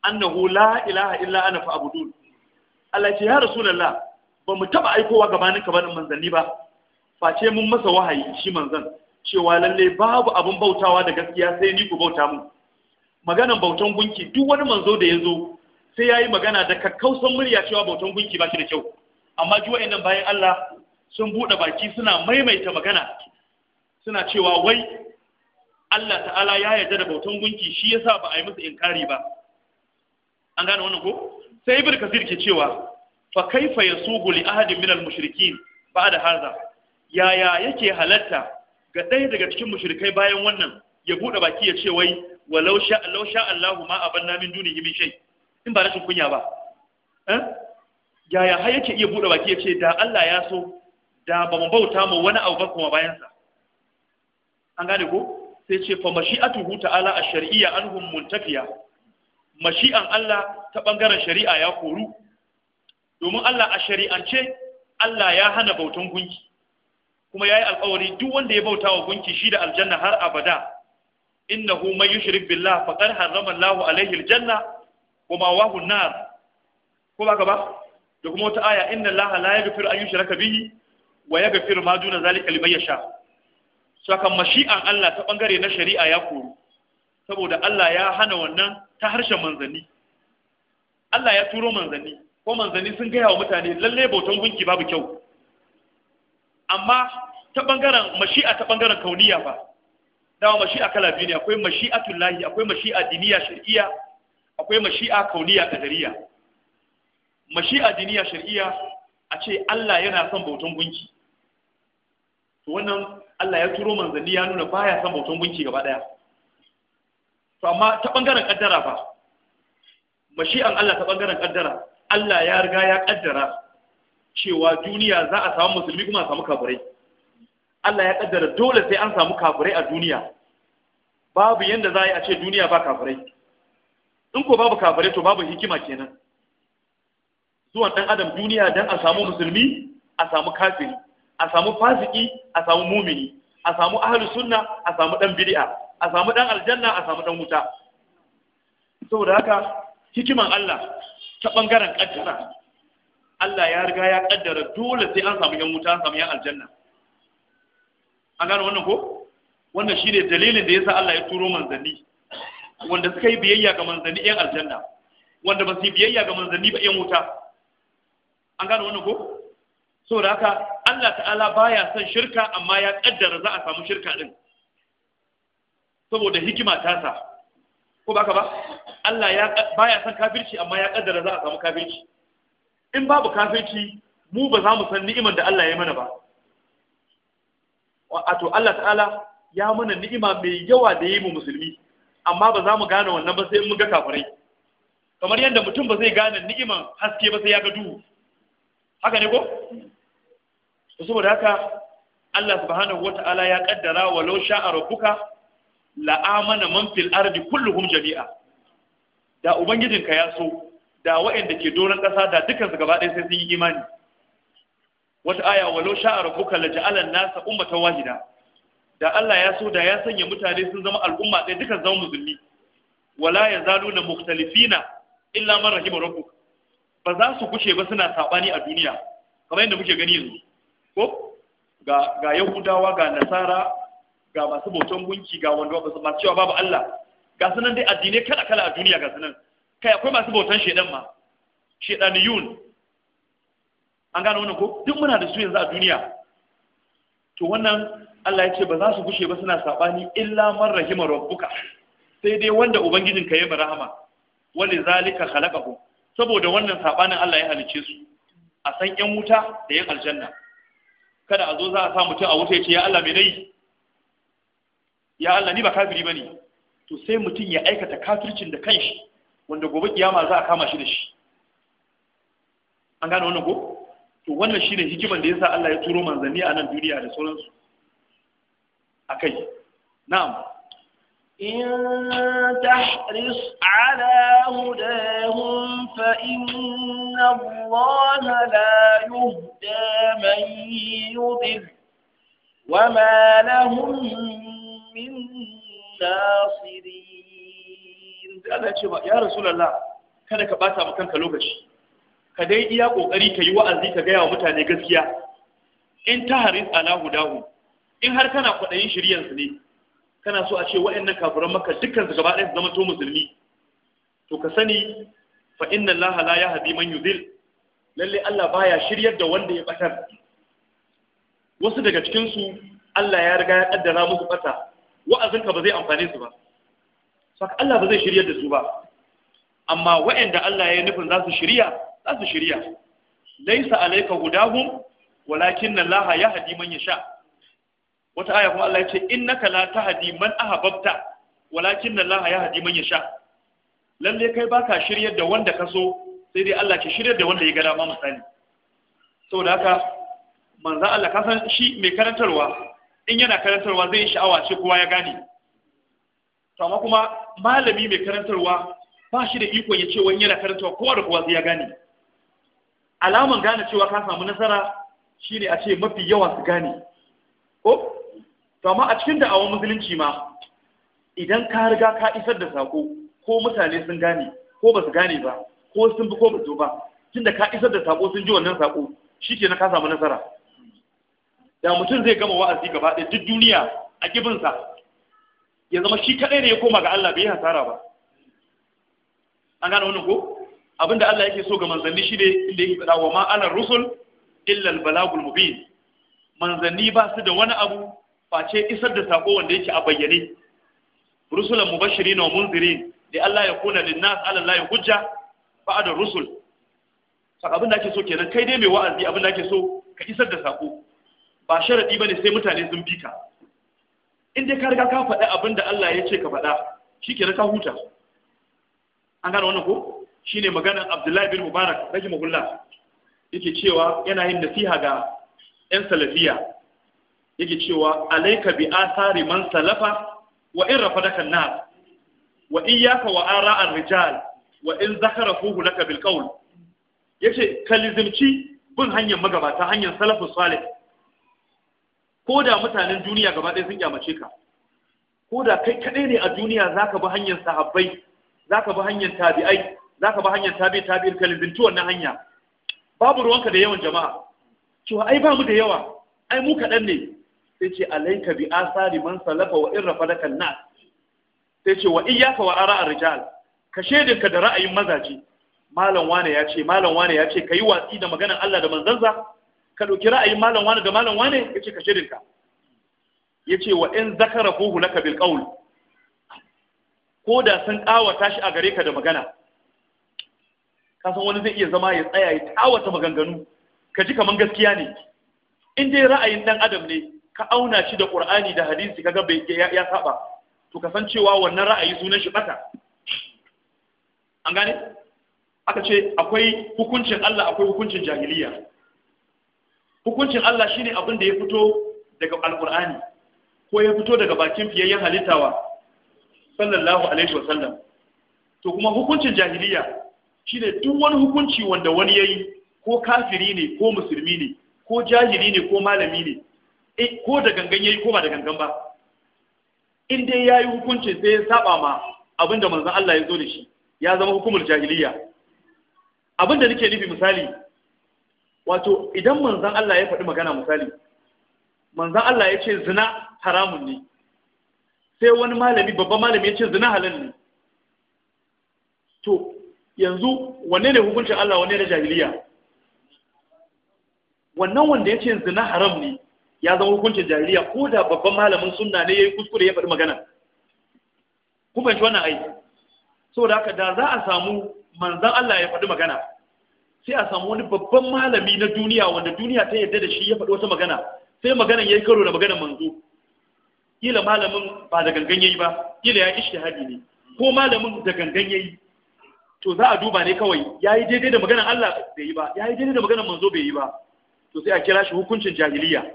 annahu la ilaha illa ana fa'budun Allah ce ya rasulullah ba mu taba aikowa gabanin ka banin manzanni ba face mun masa wahayi shi manzan cewa lalle babu abin bautawa da gaskiya sai ni ku bauta mu maganan bautan gunki duk wani manzo da ya sai ya yi magana da kakkausan murya cewa bautan gunki ba shi da kyau amma ji wa'annan bayan Allah sun buɗe baki suna maimaita magana suna cewa wai Allah ta'ala ya yarda da bautan gunki shi yasa ba a yi musu inkari ba an gane wannan ko sai ibnu kasir ke cewa fa kaifa yasubu li ahadin min al-mushrikin ba'da hadha yaya yake halatta ga ɗaya daga cikin mushrikai bayan wannan ya bude baki ya ce wai walau sha Allah sha Allah ma abanna min duni min shay in ba rashin kunya ba eh yaya har yake iya bude baki ya ce da Allah ya so da ba mu bauta mu wani abu ba kuma bayan sa an gane ko sai ce fa mashi'atuhu ta'ala ash-shar'iyya anhum muntafiya mashi'an Allah ta ɓangaren shari'a ya koru domin Allah a shari'ance Allah ya hana bautan gunki kuma yi alƙawari duk wanda ya bauta wa gunki shi da aljanna har abada innahu man yushrik billah faqad harrama Allah alaihi aljanna wa mawahu an-nar ko ba ba da kuma wata aya inna Allah la yaghfiru an yushraka bihi wa yaghfiru ma duna zalika liman yasha' saka mashi'an Allah ta bangare na shari'a ya koru saboda Allah ya hana wannan ta harshen manzanni Allah ya turo manzanni ko manzanni sun gaya wa mutane lalle bautan gunki babu kyau amma ta bangaren mashi'a ta bangaren kauniya ba dawa mashi'a kala biyu ne akwai mashi'atul lahi akwai mashi'a diniya shar'iyya akwai mashi'a kauniya kadariya mashi'a diniya shar'iyya a ce Allah yana son bautan gunki to wannan Allah ya turo manzanni ya nuna baya son bautan gunki gaba daya to amma ta bangaren kaddara fa mashi'an Allah ta bangaren kaddara Allah ya riga ya kaddara cewa duniya za a samu musulmi kuma a samu kafirai Allah ya kaddara dole sai an samu kafirai a duniya babu yanda za a ce duniya ba kafirai in ko babu kafirai to babu hikima kenan zuwan dan adam duniya dan a samu musulmi a samu kafiri a samu fasiki a samu mumini a samu ahlus sunna a samu dan bid'a a samu dan aljanna a samu dan wuta saboda haka hikiman Allah ta bangaren kaddara Allah ya riga ya kaddara dole sai an samu yan wuta an samu yan aljanna an gano wannan ko wannan shine dalilin da yasa Allah ya turo manzanni wanda suka yi biyayya ga manzanni yan aljanna wanda ba su yi biyayya ga manzanni ba yan wuta an gano wannan ko saboda haka Allah ta'ala baya son shirka amma ya kaddara za a samu shirka din saboda hikima ta sa ko baka ba Allah ya baya son kafirci amma ya kaddara za a samu kafirci in babu kafirci mu ba za mu san ni'imar da Allah ya mana ba wato Allah ta'ala ya mana ni'ima mai yawa da yi mu musulmi amma ba za mu gane wannan ba sai in mun ga kafirai kamar yadda mutum ba zai gane ni'iman haske ba sai ya ga duhu haka ne ko to saboda haka Allah subhanahu wata'ala ya kaddara walau sha'a rabbuka la amana man fil ardi kulluhum jami'a da ka ya so da waɗanda ke doron ƙasa da su gaba ɗaya sai sun yi imani wata aya walau sha'a rabbuka la ja'alan nasa ummatan wahida da Allah ya so da ya sanya mutane sun zama al'umma ɗaya dukan zama musulmi wala yazaluna mukhtalifina illa man rahima rabbuk ba za su kushe ba suna sabani a duniya kamar yadda muke gani yanzu ko ga ga yahudawa ga nasara ga masu bautan gunki ga wanda ba su ma cewa babu Allah ga sunan dai addinai kala kala a duniya ga sunan kai akwai masu bautan shedan ma Yun. an gano wannan ko duk muna da su yanzu a duniya to wannan Allah ya ce ba za su gushe ba suna sabani illa man rahima rabbuka sai dai wanda ubangijin ka yi rahama wani zalika khalaqahu saboda wannan sabanin Allah ya halice su a san yan wuta da yan aljanna kada a zo za a sa mutum a wuce ya ce ya Allah me nai ya Allah ni ba kafiri ne to sai mutum ya aikata kafircin da kan kanshi wanda gobe kiyama za a kama shi da shi an gane wannan ko to wannan shine hikiman da ya sa Allah ya turo manzanni a nan duniya da sauransu akai na'am إن تحرص على هداهم فإن الله لا يهدى من يضل وما لهم من ناصرين يا رسول الله kada ka bata ma kanka lokaci ka dai iya kokari ka yi wa'azi ka gaya wa mutane gaskiya in ta haris ala hudahu in har kana kwaɗayin shiryansu ne kana so a ce wa'annan kafiran maka dukkan su gaba ɗaya su zama to musulmi to ka sani fa inna Allah la yahdi man yudil lalle Allah baya shiryar da wanda ya batar wasu daga cikin su Allah ya riga ya kaddara musu bata wa'azin ka ba zai amfane su ba saka Allah ba zai shiryar da su ba amma wa'anda Allah ya nufin za su shirya za su shirya laysa alayka hudahum walakin Allah yahdi man yasha wata aya kuma Allah ya ce innaka la tahdi man ahbabta walakin Allah hadi man yasha lalle kai baka shiryar da wanda ka so sai dai Allah ke shiryar da wanda ya ga dama misali saboda haka manzo Allah ka san shi mai karantarwa in yana karantarwa zai sha'awa shi kowa ya gane to amma kuma malami mai karantarwa ba shi da ikon ya ce wani yana karantarwa kowa da kowa zai ya gane alaman gane cewa ka samu nasara shine a ce mafi yawa su gane ko to amma a cikin da'awar musulunci ma idan ka riga ka isar da sako ko mutane sun gane ko ba su gane ba ko sun bi ko ba su ba tunda ka isar da sako sun ji wannan sako na ka samu nasara da mutum zai gama wa'azi gaba ɗaya duk duniya a gibinsa ya zama shi kaɗai ne ya koma ga Allah bai hasara ba an gane wannan ko abinda Allah yake so ga manzanni ne inda yake faɗa wa ma'anar rusul illa al balagul mubin manzanni ba su da wani abu face isar da sako wanda yake a bayyane rusulan mubashirin wa munzirin da Allah ya kuna lin nas ala Allah hujja ada rusul saka abin da ake so kenan kai dai mai wa'azi abin da ake so ka isar da sako ba sharadi bane sai mutane sun bi ka in dai ka riga ka faɗa abin da Allah ya ce ka faɗa shikenan ka huta an gane wannan ko shine maganar Abdullahi bin Mubarak rahimahullah yake cewa yana yin nasiha ga 'yan salafiya yake cewa alayka bi athari man salafa wa in rafadaka an-nas wa iyyaka wa ara ar-rijal wa in zakarafuhu laka bil qawl yace kalizimci bin hanyar magabata hanyar salafus salih ko da mutanen duniya gaba ɗaya sun kyamace ka ko da kai kaɗai ne a duniya za ka bi hanyar sahabbai za ka bi hanyar tabi'ai za ka bi hanyar tabi tabi'ir ka wannan hanya babu ruwanka da yawan jama'a cewa ai ba mu da yawa ai mu kaɗan ne sai ce alaika bi asari man salafa wa in rafadaka nas sai ce wa iyyaka wa ara'ar rijal ka shedinka da ra'ayin mazaje malam wane ya ce malam wane ya ce kai watsi da maganar Allah da manzansa ka ɗauki ra'ayin malam wane da malam wane Ya ce ka Ya ce, wa in zakarahu laka bil qawl ko da sun kawata shi a gare ka da magana ka san wani zai iya zama ya tsaya ya kawata maganganu ka ji kaman gaskiya ne in dai ra'ayin dan adam ne ka auna shi da qur'ani da hadisi kaga bai ya saba to kasancewa wannan ra'ayi sunan shi bata an gane aka ce akwai hukuncin Allah akwai hukuncin jahiliya hukuncin Allah shine abin da ya fito daga alqur'ani ko ya fito daga bakin fiyayyen halittawa sallallahu alaihi wasallam to kuma hukuncin jahiliya shine duk wani hukunci wanda wani yayi ko kafiri ne ko musulmi ne ko jahili ne ko malami ne Eh, ko da gangan yayi ko ba da gangan ba in dai yayi hukuncin sai ya saba ma abinda manzon Allah ya zo da shi ya zama hukumul jahiliya abinda nake nufi misali wato idan manzon Allah ya faɗi magana misali manzon Allah ya ce zina haramun ne sai wani malami babban malami ya ce zina halal ne to yanzu wanne ne hukuncin Allah wanne na jahiliya wannan wanda ya ce zina haram ne ya zama hukuncin jahiliya ko da babban malamin sunna ne yi kuskure ya faɗi magana ku fahimci wannan aiki da haka da za a samu manzan Allah ya faɗi magana sai a samu wani babban malami na duniya wanda duniya ta yarda da shi ya faɗi wata magana sai maganan yi karo da maganan manzo kila malamin ba da gangan ya yi ba kila ya ishtihadi ne ko malamin da gangan ya yi, to za a duba ne kawai ya yi daidai da maganan Allah bai yi ba ya yi daidai da maganan manzo bai yi ba to sai a kira shi hukuncin jahiliya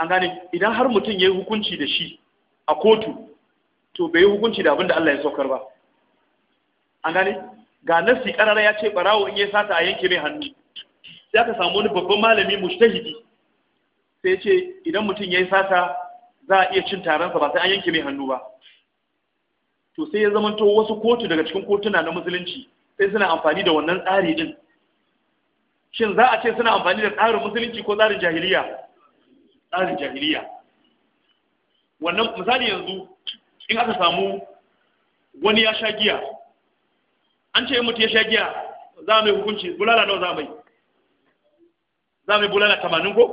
an gane idan har mutum ya yi hukunci da shi a kotu to bai yi hukunci da abin da Allah ya saukar ba an gane ga nasi karara ya ce barawo in ya sata a yanke mai hannu sai aka samu wani babban malami mujtahidi sai ce idan mutum ya yi sata za a iya cin taronsa ba sai an yanke mai hannu ba to sai ya zamanto wasu kotu daga cikin kotuna na musulunci sai suna amfani da wannan tsari din shin za a ce suna amfani da tsarin musulunci ko tsarin jahiliya tsarin jahiliya wannan misali yanzu in aka samu wani ya sha giya an ce mutu ya sha giya za a mai hukunci bulala nawa za a mai za a mai bulala tamanin ko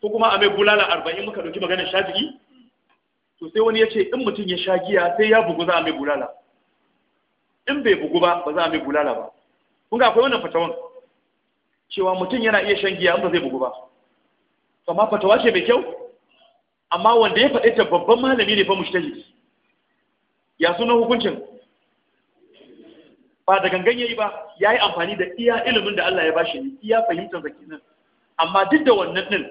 ko kuma a mai bulala arba'in muka ɗauki maganin sha jiki to sai wani ya ce in mutum ya sha giya sai ya bugu za a mai bulala in bai bugu ba ba za a mai bulala ba kun ga akwai wannan fatawan cewa mutum yana iya shan giya in ba zai bugu ba ma fatawa ce mai kyau amma wanda ya faɗe ta babban malami ne fa mushtahid ya sunan hukuncin ba da gangan yayi ba yayi amfani da iya ilimin da Allah ya bashi ne iya fahimtar zaki nan. amma duk da wannan din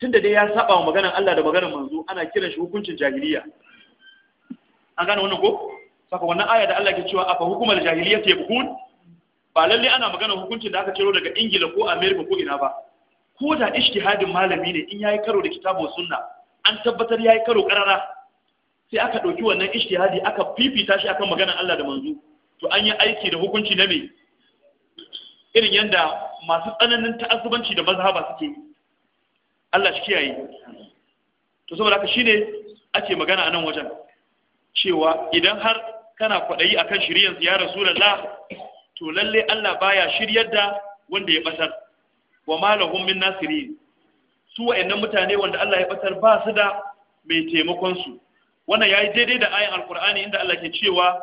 tunda dai ya saba wa maganar Allah da maganar manzo ana kiran shi hukuncin jahiliya an gane wannan ko saka wannan aya da Allah ke cewa afa hukumar jahiliya ta buhun? ba lalle ana maganar hukuncin da aka ciro daga Ingila ko America ko ina ba ko da ijtihadin malami ne in yayi karo da kitabu sunna an tabbatar yayi karo karara sai aka dauki wannan ijtihadi aka fifita shi akan maganar Allah da manzo to an yi aiki da hukunci na me irin yanda masu tsananin ta'assubanci da mazhaba suke Allah shi kiyaye to saboda haka shine ake magana a nan wajen cewa idan har kana kwaɗayi akan shiryan ziyarar rasulullah to lalle Allah baya shiryar da wanda ya batar wa malahum min nasirin su wa'annan mutane wanda Allah ya batar ba su da mai taimakon su wannan yayi daidai da ayan alqur'ani inda Allah ke cewa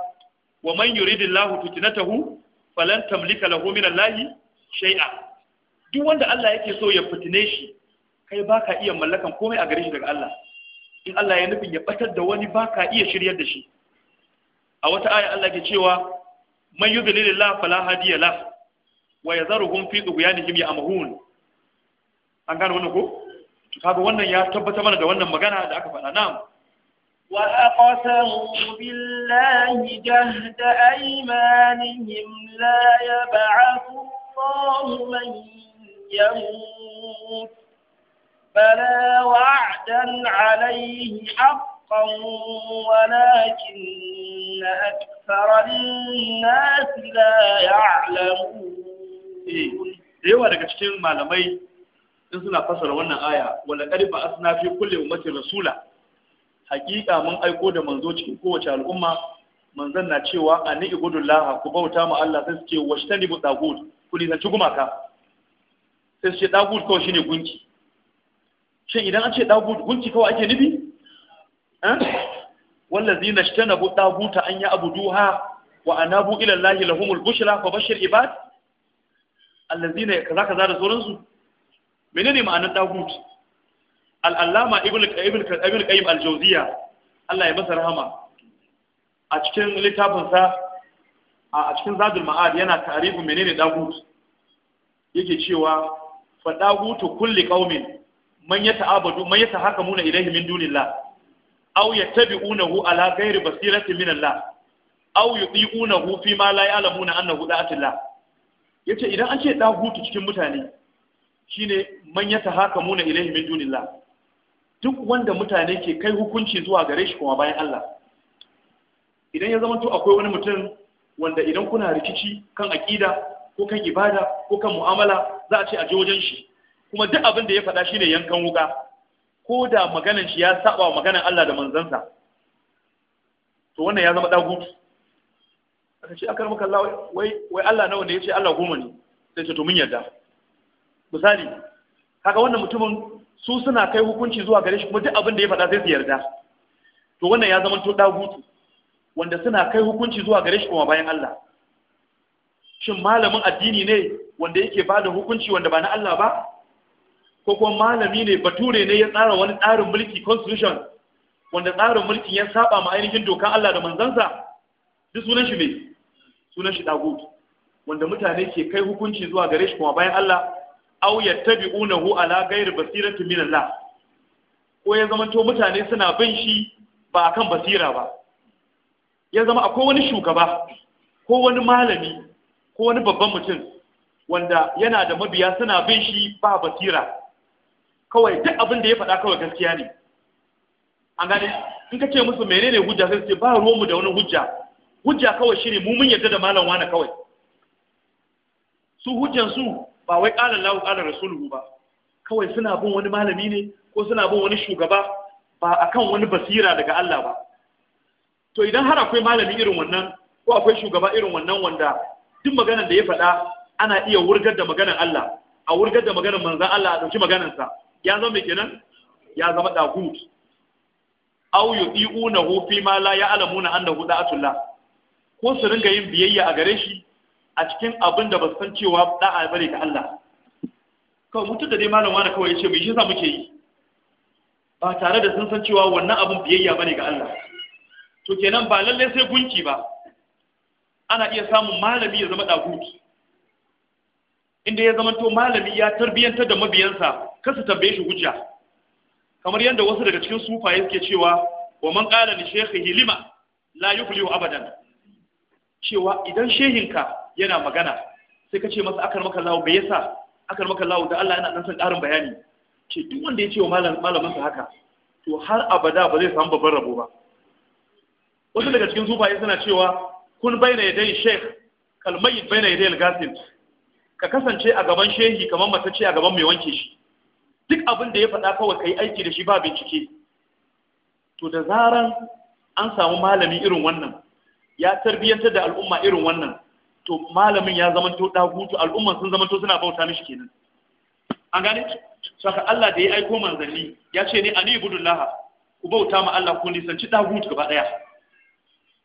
wa man yuridillahu fitnatahu falan tamlika lahu min Allahi shay'a duk wanda Allah yake so ya fitine shi kai baka iya mallakan komai a gare shi daga Allah in Allah ya nufin ya batar da wani baka iya shiryar da shi a wata aya Allah ke cewa man yudlilillahu fala hadiya lahu wa في طغيانهم tughyanihim ya'mahun an gano wannan ko kaga wannan ya tabbata mana da wannan magana da aka faɗa na'am billahi jahda aymanihim la yab'athu Allahu man yamut يموت wa'dan 'alayhi haqqan walakin akthara an-nas la ya'lamun Eh, da yawa daga cikin malamai in suna fasara wannan aya wala qad asna fi kulli ummatin rasula haƙiƙa mun aiko da manzo cikin kowace al'umma manzon na cewa ani ibudullah ku bauta ma Allah sai suke washtani bu dagut ku nisanci gumaka sai suke dagud kawai shine gunki shin idan an ce dagud gunki kawai ake nufi eh? wallazi na shi tana buɗa buta an yi abu duha wa anabu ilallahi lahumul bushra fa bashir ibad allazina kaza kaza da sauransu menene ma'anar dagut al-allama ibnu qayyim al-jawziya Allah ya masa rahama a cikin littafin sa a cikin zadul ma'ad yana tarihu menene dagut yake cewa fa dagutu kulli qaumin man yata'abadu man yatahakamuna ilayhi min dunillah aw yattabi'unahu ala ghairi basiratin min Allah aw yuti'unahu fi ma la ya'lamuna annahu da'atillah Ya ce idan an ce hutu cikin mutane shine man haka muna ilahi min dunillah duk wanda mutane ke kai hukunci zuwa gare shi kuma bayan Allah idan ya zama to akwai wani mutum wanda idan kuna rikici kan aƙida ko kan ibada ko kan mu'amala za a ce a je wajen shi kuma duk abin da ya faɗa shine yankan wuka ko da maganan shi ya saba wa maganan Allah da manzansa to wannan ya zama hutu. aka ce aka maka Allah wai wai Allah nawa ne yace Allah goma ne sai ce to mun yarda misali kaga wannan mutumin su suna kai hukunci zuwa gare shi kuma duk abin da ya faɗa sai su yarda to wannan ya zama to dagutu wanda suna kai hukunci zuwa gare shi kuma bayan Allah shin malamin addini ne wanda yake ba da hukunci wanda ba na Allah ba ko kuma malami ne bature ne ya tsara wani tsarin mulki constitution wanda tsarin mulkin ya saba ma ainihin dokan Allah da manzansa duk sunan shi ne sunan shi dagut wanda mutane ke kai hukunci zuwa gare shi kuma bayan Allah aw yattabi'unahu ala ghairi basiratin min ko ya zama to mutane suna bin shi ba akan basira ba ya zama akwai wani shugaba ko wani malami ko wani babban mutum wanda yana da mabiya suna bin shi ba basira kawai duk abin da ya faɗa kawai gaskiya ne an gane in ka ce musu menene hujja sai su ce ba ruwanmu da wani hujja hujja kawai shine mu mun yarda da malam wani kawai su hujjan su ba wai qala Allahu qala rasuluhu ba kawai suna bin wani malami ne ko suna bin wani shugaba ba akan wani basira daga Allah ba to idan har akwai malami irin wannan ko akwai shugaba irin wannan wanda duk maganar da ya faɗa ana iya wurgar da maganar Allah a wurgar da maganar manzan Allah a ɗauki maganarsa ya zama me kenan ya zama ɗagut au yudi'unahu fi ma la ya'lamuna annahu da'atullah ko su ringa yin biyayya a gare shi a cikin abin da ba san cewa da'a bane ga Allah kawai mutum da dai malam wani kawai ya ce me shi muke yi ba tare da sun san cewa wannan abin biyayya bane ga Allah to kenan ba lalle sai gunki ba ana iya samun malami ya zama daguki inda ya zama to malami ya tarbiyantar da mabiyansa su tambaye shi hujja kamar yadda wasu daga cikin sufaye suke cewa wa man qala li shaykhihi lima la yuflihu abadan cewa idan shehinka yana magana sai ka ce masa akar maka lawo me yasa akar maka lawo da Allah yana dan san ƙarin bayani ce duk wanda ya ce wa malamin sa haka to har abada ba zai samu babban rabo ba wasu daga cikin sufaye suna cewa kun bayyana yadai sheikh kalmayin bayyana yadai dai ka kasance a gaban shehi kamar mace ce a gaban mai wanke shi duk abin da ya faɗa kawai ka yi aiki da shi ba bincike to da zaran an samu malami irin wannan ya tarbiyyantar da al'umma irin wannan to malamin ya da dagutu al'umman sun to suna bauta mishi kenan an gane saka Allah da ya aiko manzanni ya ce ne ani ibudullaha ku bauta ma Allah ku nisanci dagutu gaba daya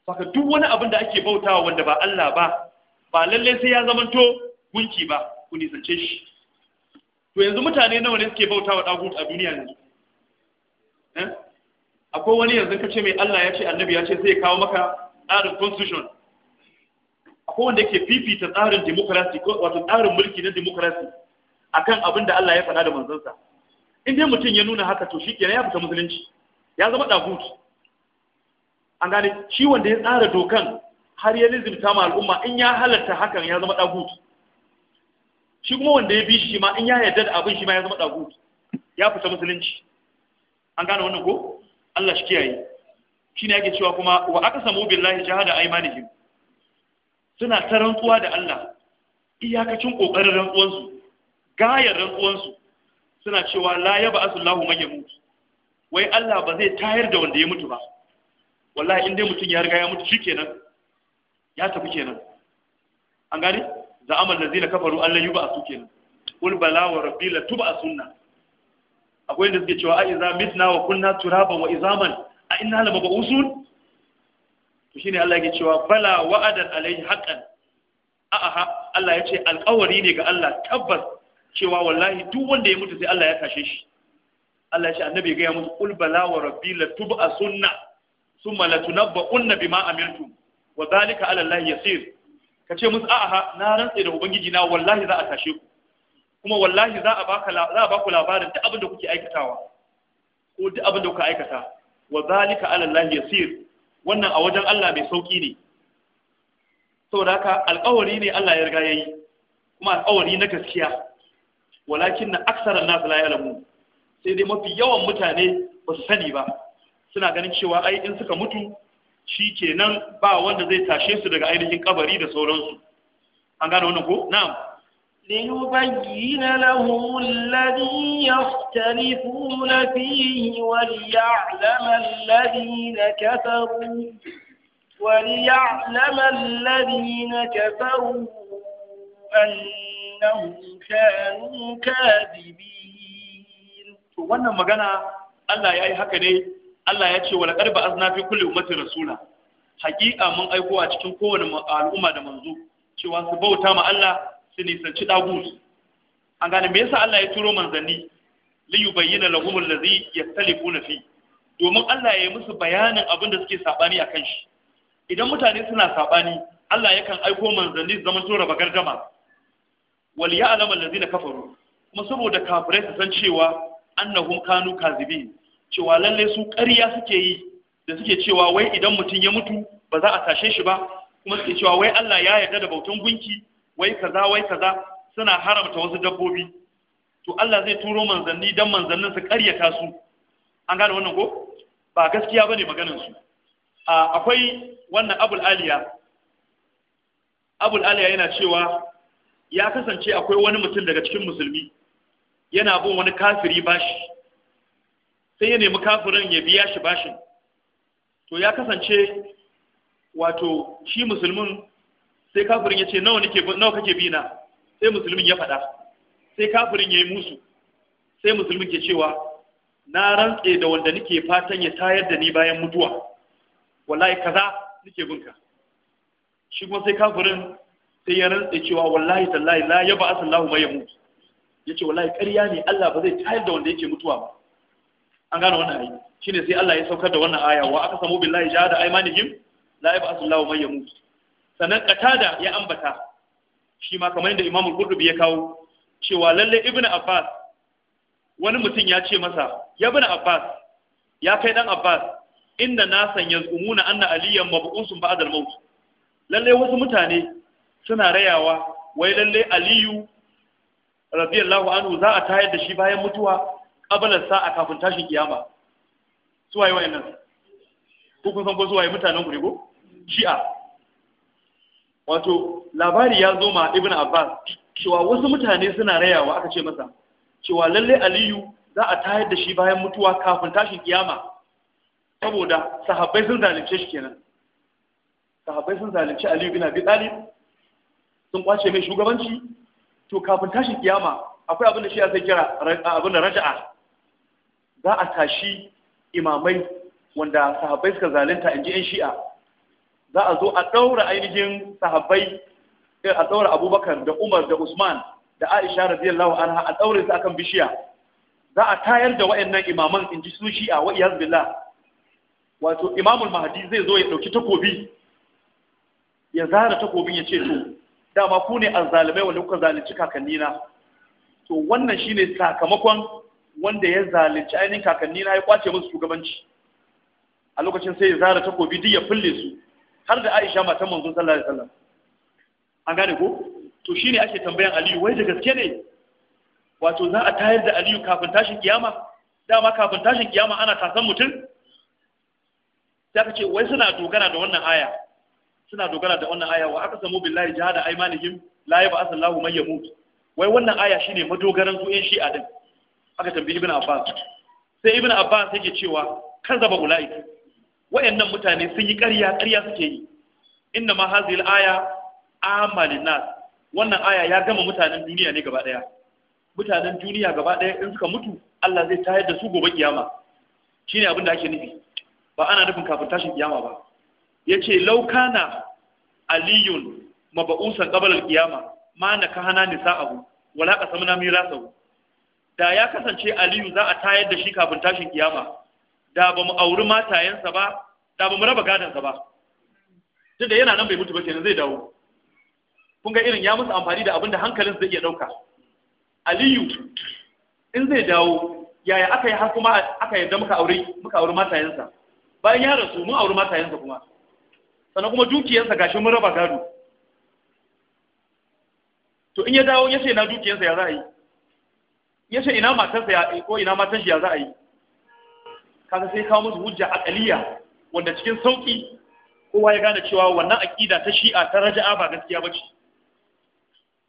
saka duk wani abin da ake bautawa wanda ba Allah ba ba lalle sai ya to gunki ba ku nisanci. shi to yanzu mutane nawa ne suke bautawa dagutu a duniya ne? eh akwai wani yanzu kace mai Allah ya ce annabi ya ce sai ya kawo maka tsarin constitution akwai wanda yake fifita tsarin demokrasi wato tsarin mulki na demokrasi akan abin da Allah ya faɗa da manzansa in dai mutum ya nuna haka to shikenan ya fita musulunci ya zama dagut an gane shi wanda ya tsara dokan har ya lizimta ma al'umma in ya halatta hakan ya zama dagut shi kuma wanda ya bi shi ma in ya yarda da abin shi ma ya zama dagut ya fita musulunci an gane wannan ko Allah shi kiyaye shi ne ake cewa kuma wa aka aqsamu billahi jahada aymanihim suna ta rantsuwa da Allah iyakacin kokarin rantsuwan su gayar rantsuwan suna cewa la asu lahu manyan mutu wai Allah ba zai tayar da wanda ya mutu ba wallahi in dai mutum ya riga ya mutu shikenan ya tafi kenan an gani da zina kafaru ba a su kenan Kul bala wa rabbi la tub'asunna akwai da suke cewa a idza mitna wa kunna turaban wa izaman a ina halaba ba usul to shine Allah yake cewa bala wa'adan Alayhi haqqan a aha Allah ya ce alƙawari ne ga Allah tabbas cewa wallahi duk wanda ya mutu sai Allah ya tashe shi Allah ya ce annabi ya gaya musu qul bala wa rabbi la tub'a sunna thumma la tunabba'unna bima amiltum wa dhalika ala Allah yasir kace musu a aha na rantsa da ubangiji na wallahi za a tashe ku kuma wallahi za a baka za a baku labarin duk abin da kuke aikatawa ko duk abin da kuka aikata wa zalika ala Allah yasir wannan a wajen Allah mai sauki ne saboda haka alƙawari ne Allah ya riga yayi kuma alƙawari na gaskiya walakin na aksara nas la ya'lamu sai dai mafi yawan mutane ba su sani ba suna ganin cewa ai in suka mutu shi kenan ba wanda zai tashe su daga ainihin kabari da sauransu an gane wannan ko na'am ليبين لهم الذي يختلفون فيه وليعلم الذين كفروا وليعلم الذين كفروا أنهم كانوا كاذبين wannan magana Allah ya yi haka ne Allah ya ce wala karba azna fi kulli ummatin rasula hakika mun aiko a cikin kowane al'umma da manzo cewa su bauta ma Allah su nisanci dagus an gane me yasa Allah ya turo manzanni li yubayyana lahum allazi yastalifuna fi domin Allah ya yi musu bayanin abin da suke sabani akan shi idan mutane suna sabani Allah yakan aiko manzanni zaman tura bagar jama wal ya'lam allazina kafaru kuma saboda kafirai su san cewa annahum kanu kazibin cewa lalle su ƙarya suke yi da suke cewa wai idan mutum ya mutu ba za a tashe shi ba kuma suke cewa wai Allah ya yarda da bautan gunki wai kaza wai kaza suna haramta wasu dabbobi to Allah zai turo manzanni dan manzannin su karyata su an gane wannan ko ba gaskiya bane maganar su akwai wannan abul aliya abul aliya yana cewa ya kasance akwai wani mutum daga cikin musulmi yana bin wani kafiri bashi sai ya nemi kafirin ya biya shi bashin to ya kasance wato shi musulmin sai kafirin ya ce nawa nake nawa kake bi na sai musulmin ya faɗa sai kafirin ya yi musu sai musulmin ke cewa na rantse da wanda nake fatan ya tayar da ni bayan mutuwa wallahi kaza nake binka shi kuma sai kafirin sai ya rantse cewa wallahi tallahi la yaba asallahu mai mutu yace wallahi ƙarya ne Allah ba zai tayar da wanda yake mutuwa ba an gane wannan ayi shine sai Allah ya saukar da wannan aya wa aka samu billahi jahada aymanihim la yaba asallahu mai mutu sannan katada ya ambata shi ma kamar yadda Imam Qurtubi ya kawo cewa lalle ibnu Abbas wani mutum ya ce masa ya Ibn Abbas ya kai dan Abbas inna nasan yazumuna anna aliyan mab'usun ba'd al-maut lalle wasu mutane suna rayawa wai lalle Aliyu radiyallahu anhu za a tayar da shi bayan mutuwa kabalar a kafin tashin kiyama suwaye wayannan ku kun san ko suwaye mutanen ku ne ko shi'a wato labari ya zo ma ibn abbas cewa wasu mutane suna rayawa aka ce masa cewa lalle aliyu za a tayar da shi bayan mutuwa kafin tashin kiyama saboda sahabbai sun zalunce shi kenan sahabbai sun zalunci aliyu bin abi talib sun kwace mai shugabanci to kafin tashin kiyama akwai abin da shi ya sai kira abin da raja'a za a tashi imamai wanda sahabbai suka zalunta inji yan shi'a za a zo a ɗaura ainihin sahabbai eh, a ɗaura abubakar da umar da usman da aisha radiyallahu anha a ɗaure su akan bishiya za a tayar da wayannan imaman in ji su shi a iyaz billah wato imamul mahadi zai zo ya ɗauki takobi ya zara takobin ya ce to dama ku ne azzalimai wanda kuka zalunci kakannina to wannan shine sakamakon wanda ya zalunci ainihin kakannina ya kwace musu shugabanci a lokacin sai ya zara takobi duk ya fille su har da Aisha matan manzon sallallahu alaihi wasallam an gane ko to shine ake tambayan Aliyu wai da gaske ne wato za a tayar da Aliyu kafin tashin kiyama dama kafin tashin kiyama ana tasan mutum sai ka ce wai suna dogara da wannan aya suna dogara da wannan aya wa aka samu billahi jahada aymanihim la yaba asallahu may yamut wai wannan aya shine madogaran su shi a din aka tambayi Ibn Abbas sai Ibn Abbas yake cewa kan zaba ulaiki wayannan mutane sun yi ƙarya ƙarya suke yi inna ma hazil aya amalin nas wannan aya ya gama mutanen duniya ne gaba ɗaya mutanen duniya gaba ɗaya in suka mutu Allah zai tayar da su gobe kiyama shine abin da ake nufi ba ana nufin kafin tashin kiyama ba yace law kana aliyun maba'usan qabla al kiyama ma ni sa'abu wala qasamna mirasahu da ya kasance aliyu za a tayar da shi kafin tashin kiyama da ba mu auri matayensa ba da ba mu raba gadansa ba tunda yana nan bai mutu ba kenan zai dawo kun ga irin ya musu amfani da abin da hankalin zai iya ɗauka aliyu in zai dawo yaya aka yi har kuma aka yadda muka auri muka auri matayensa bayan ya rasu mun auri matayensa kuma sannan kuma dukiyansa gashi mun raba gado to in ya dawo ya ce na dukiyansa ya za a yi ya ce ina matarsa ya ko ina matan ya za a yi kaga sai kawo musu hujja aqaliya wanda cikin sauki kowa ya gane cewa wannan aqida ta shi'a ta raja'a ba gaskiya bace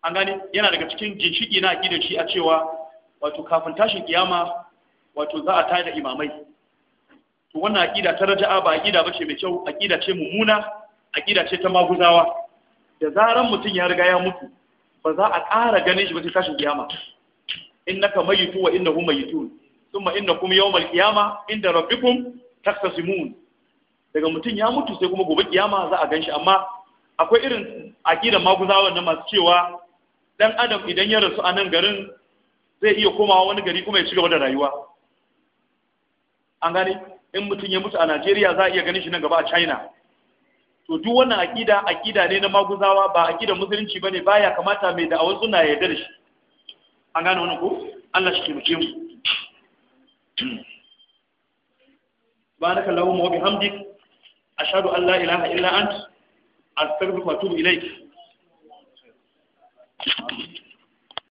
an gane yana daga cikin jinshiki na aqidar shi'a cewa wato kafin tashin kiyama wato za a tada imamai to wannan aqida ta raja'a ba aqida bace mai kyau aqida ce mummuna aqida ce ta maguzawa da zaran mutum ya riga ya mutu ba za a ƙara ganin shi ba sai tashin kiyama innaka mayitu wa innahu mayitun ثم innakum يوم qiyama inda ربكم تختصمون daga mutum ya mutu sai kuma gobe kiyama za a ganshi amma akwai irin akidar maguzawan na masu cewa dan adam idan ya rasu a nan garin zai iya komawa wani gari kuma ya ci gaba da rayuwa an gane in mutum ya mutu a Najeriya za a iya ganin shi nan gaba a China to duk wannan akida akida ne na maguzawa ba aqidar musulunci bane baya kamata mai da'awar sunna ya yarda da shi an gane wannan ko Allah shi ke mu subhanaka <clears throat> allahumma wa bihamdik ashhadu an la ilaha illa ant astaghfiruka wa atubu ilayk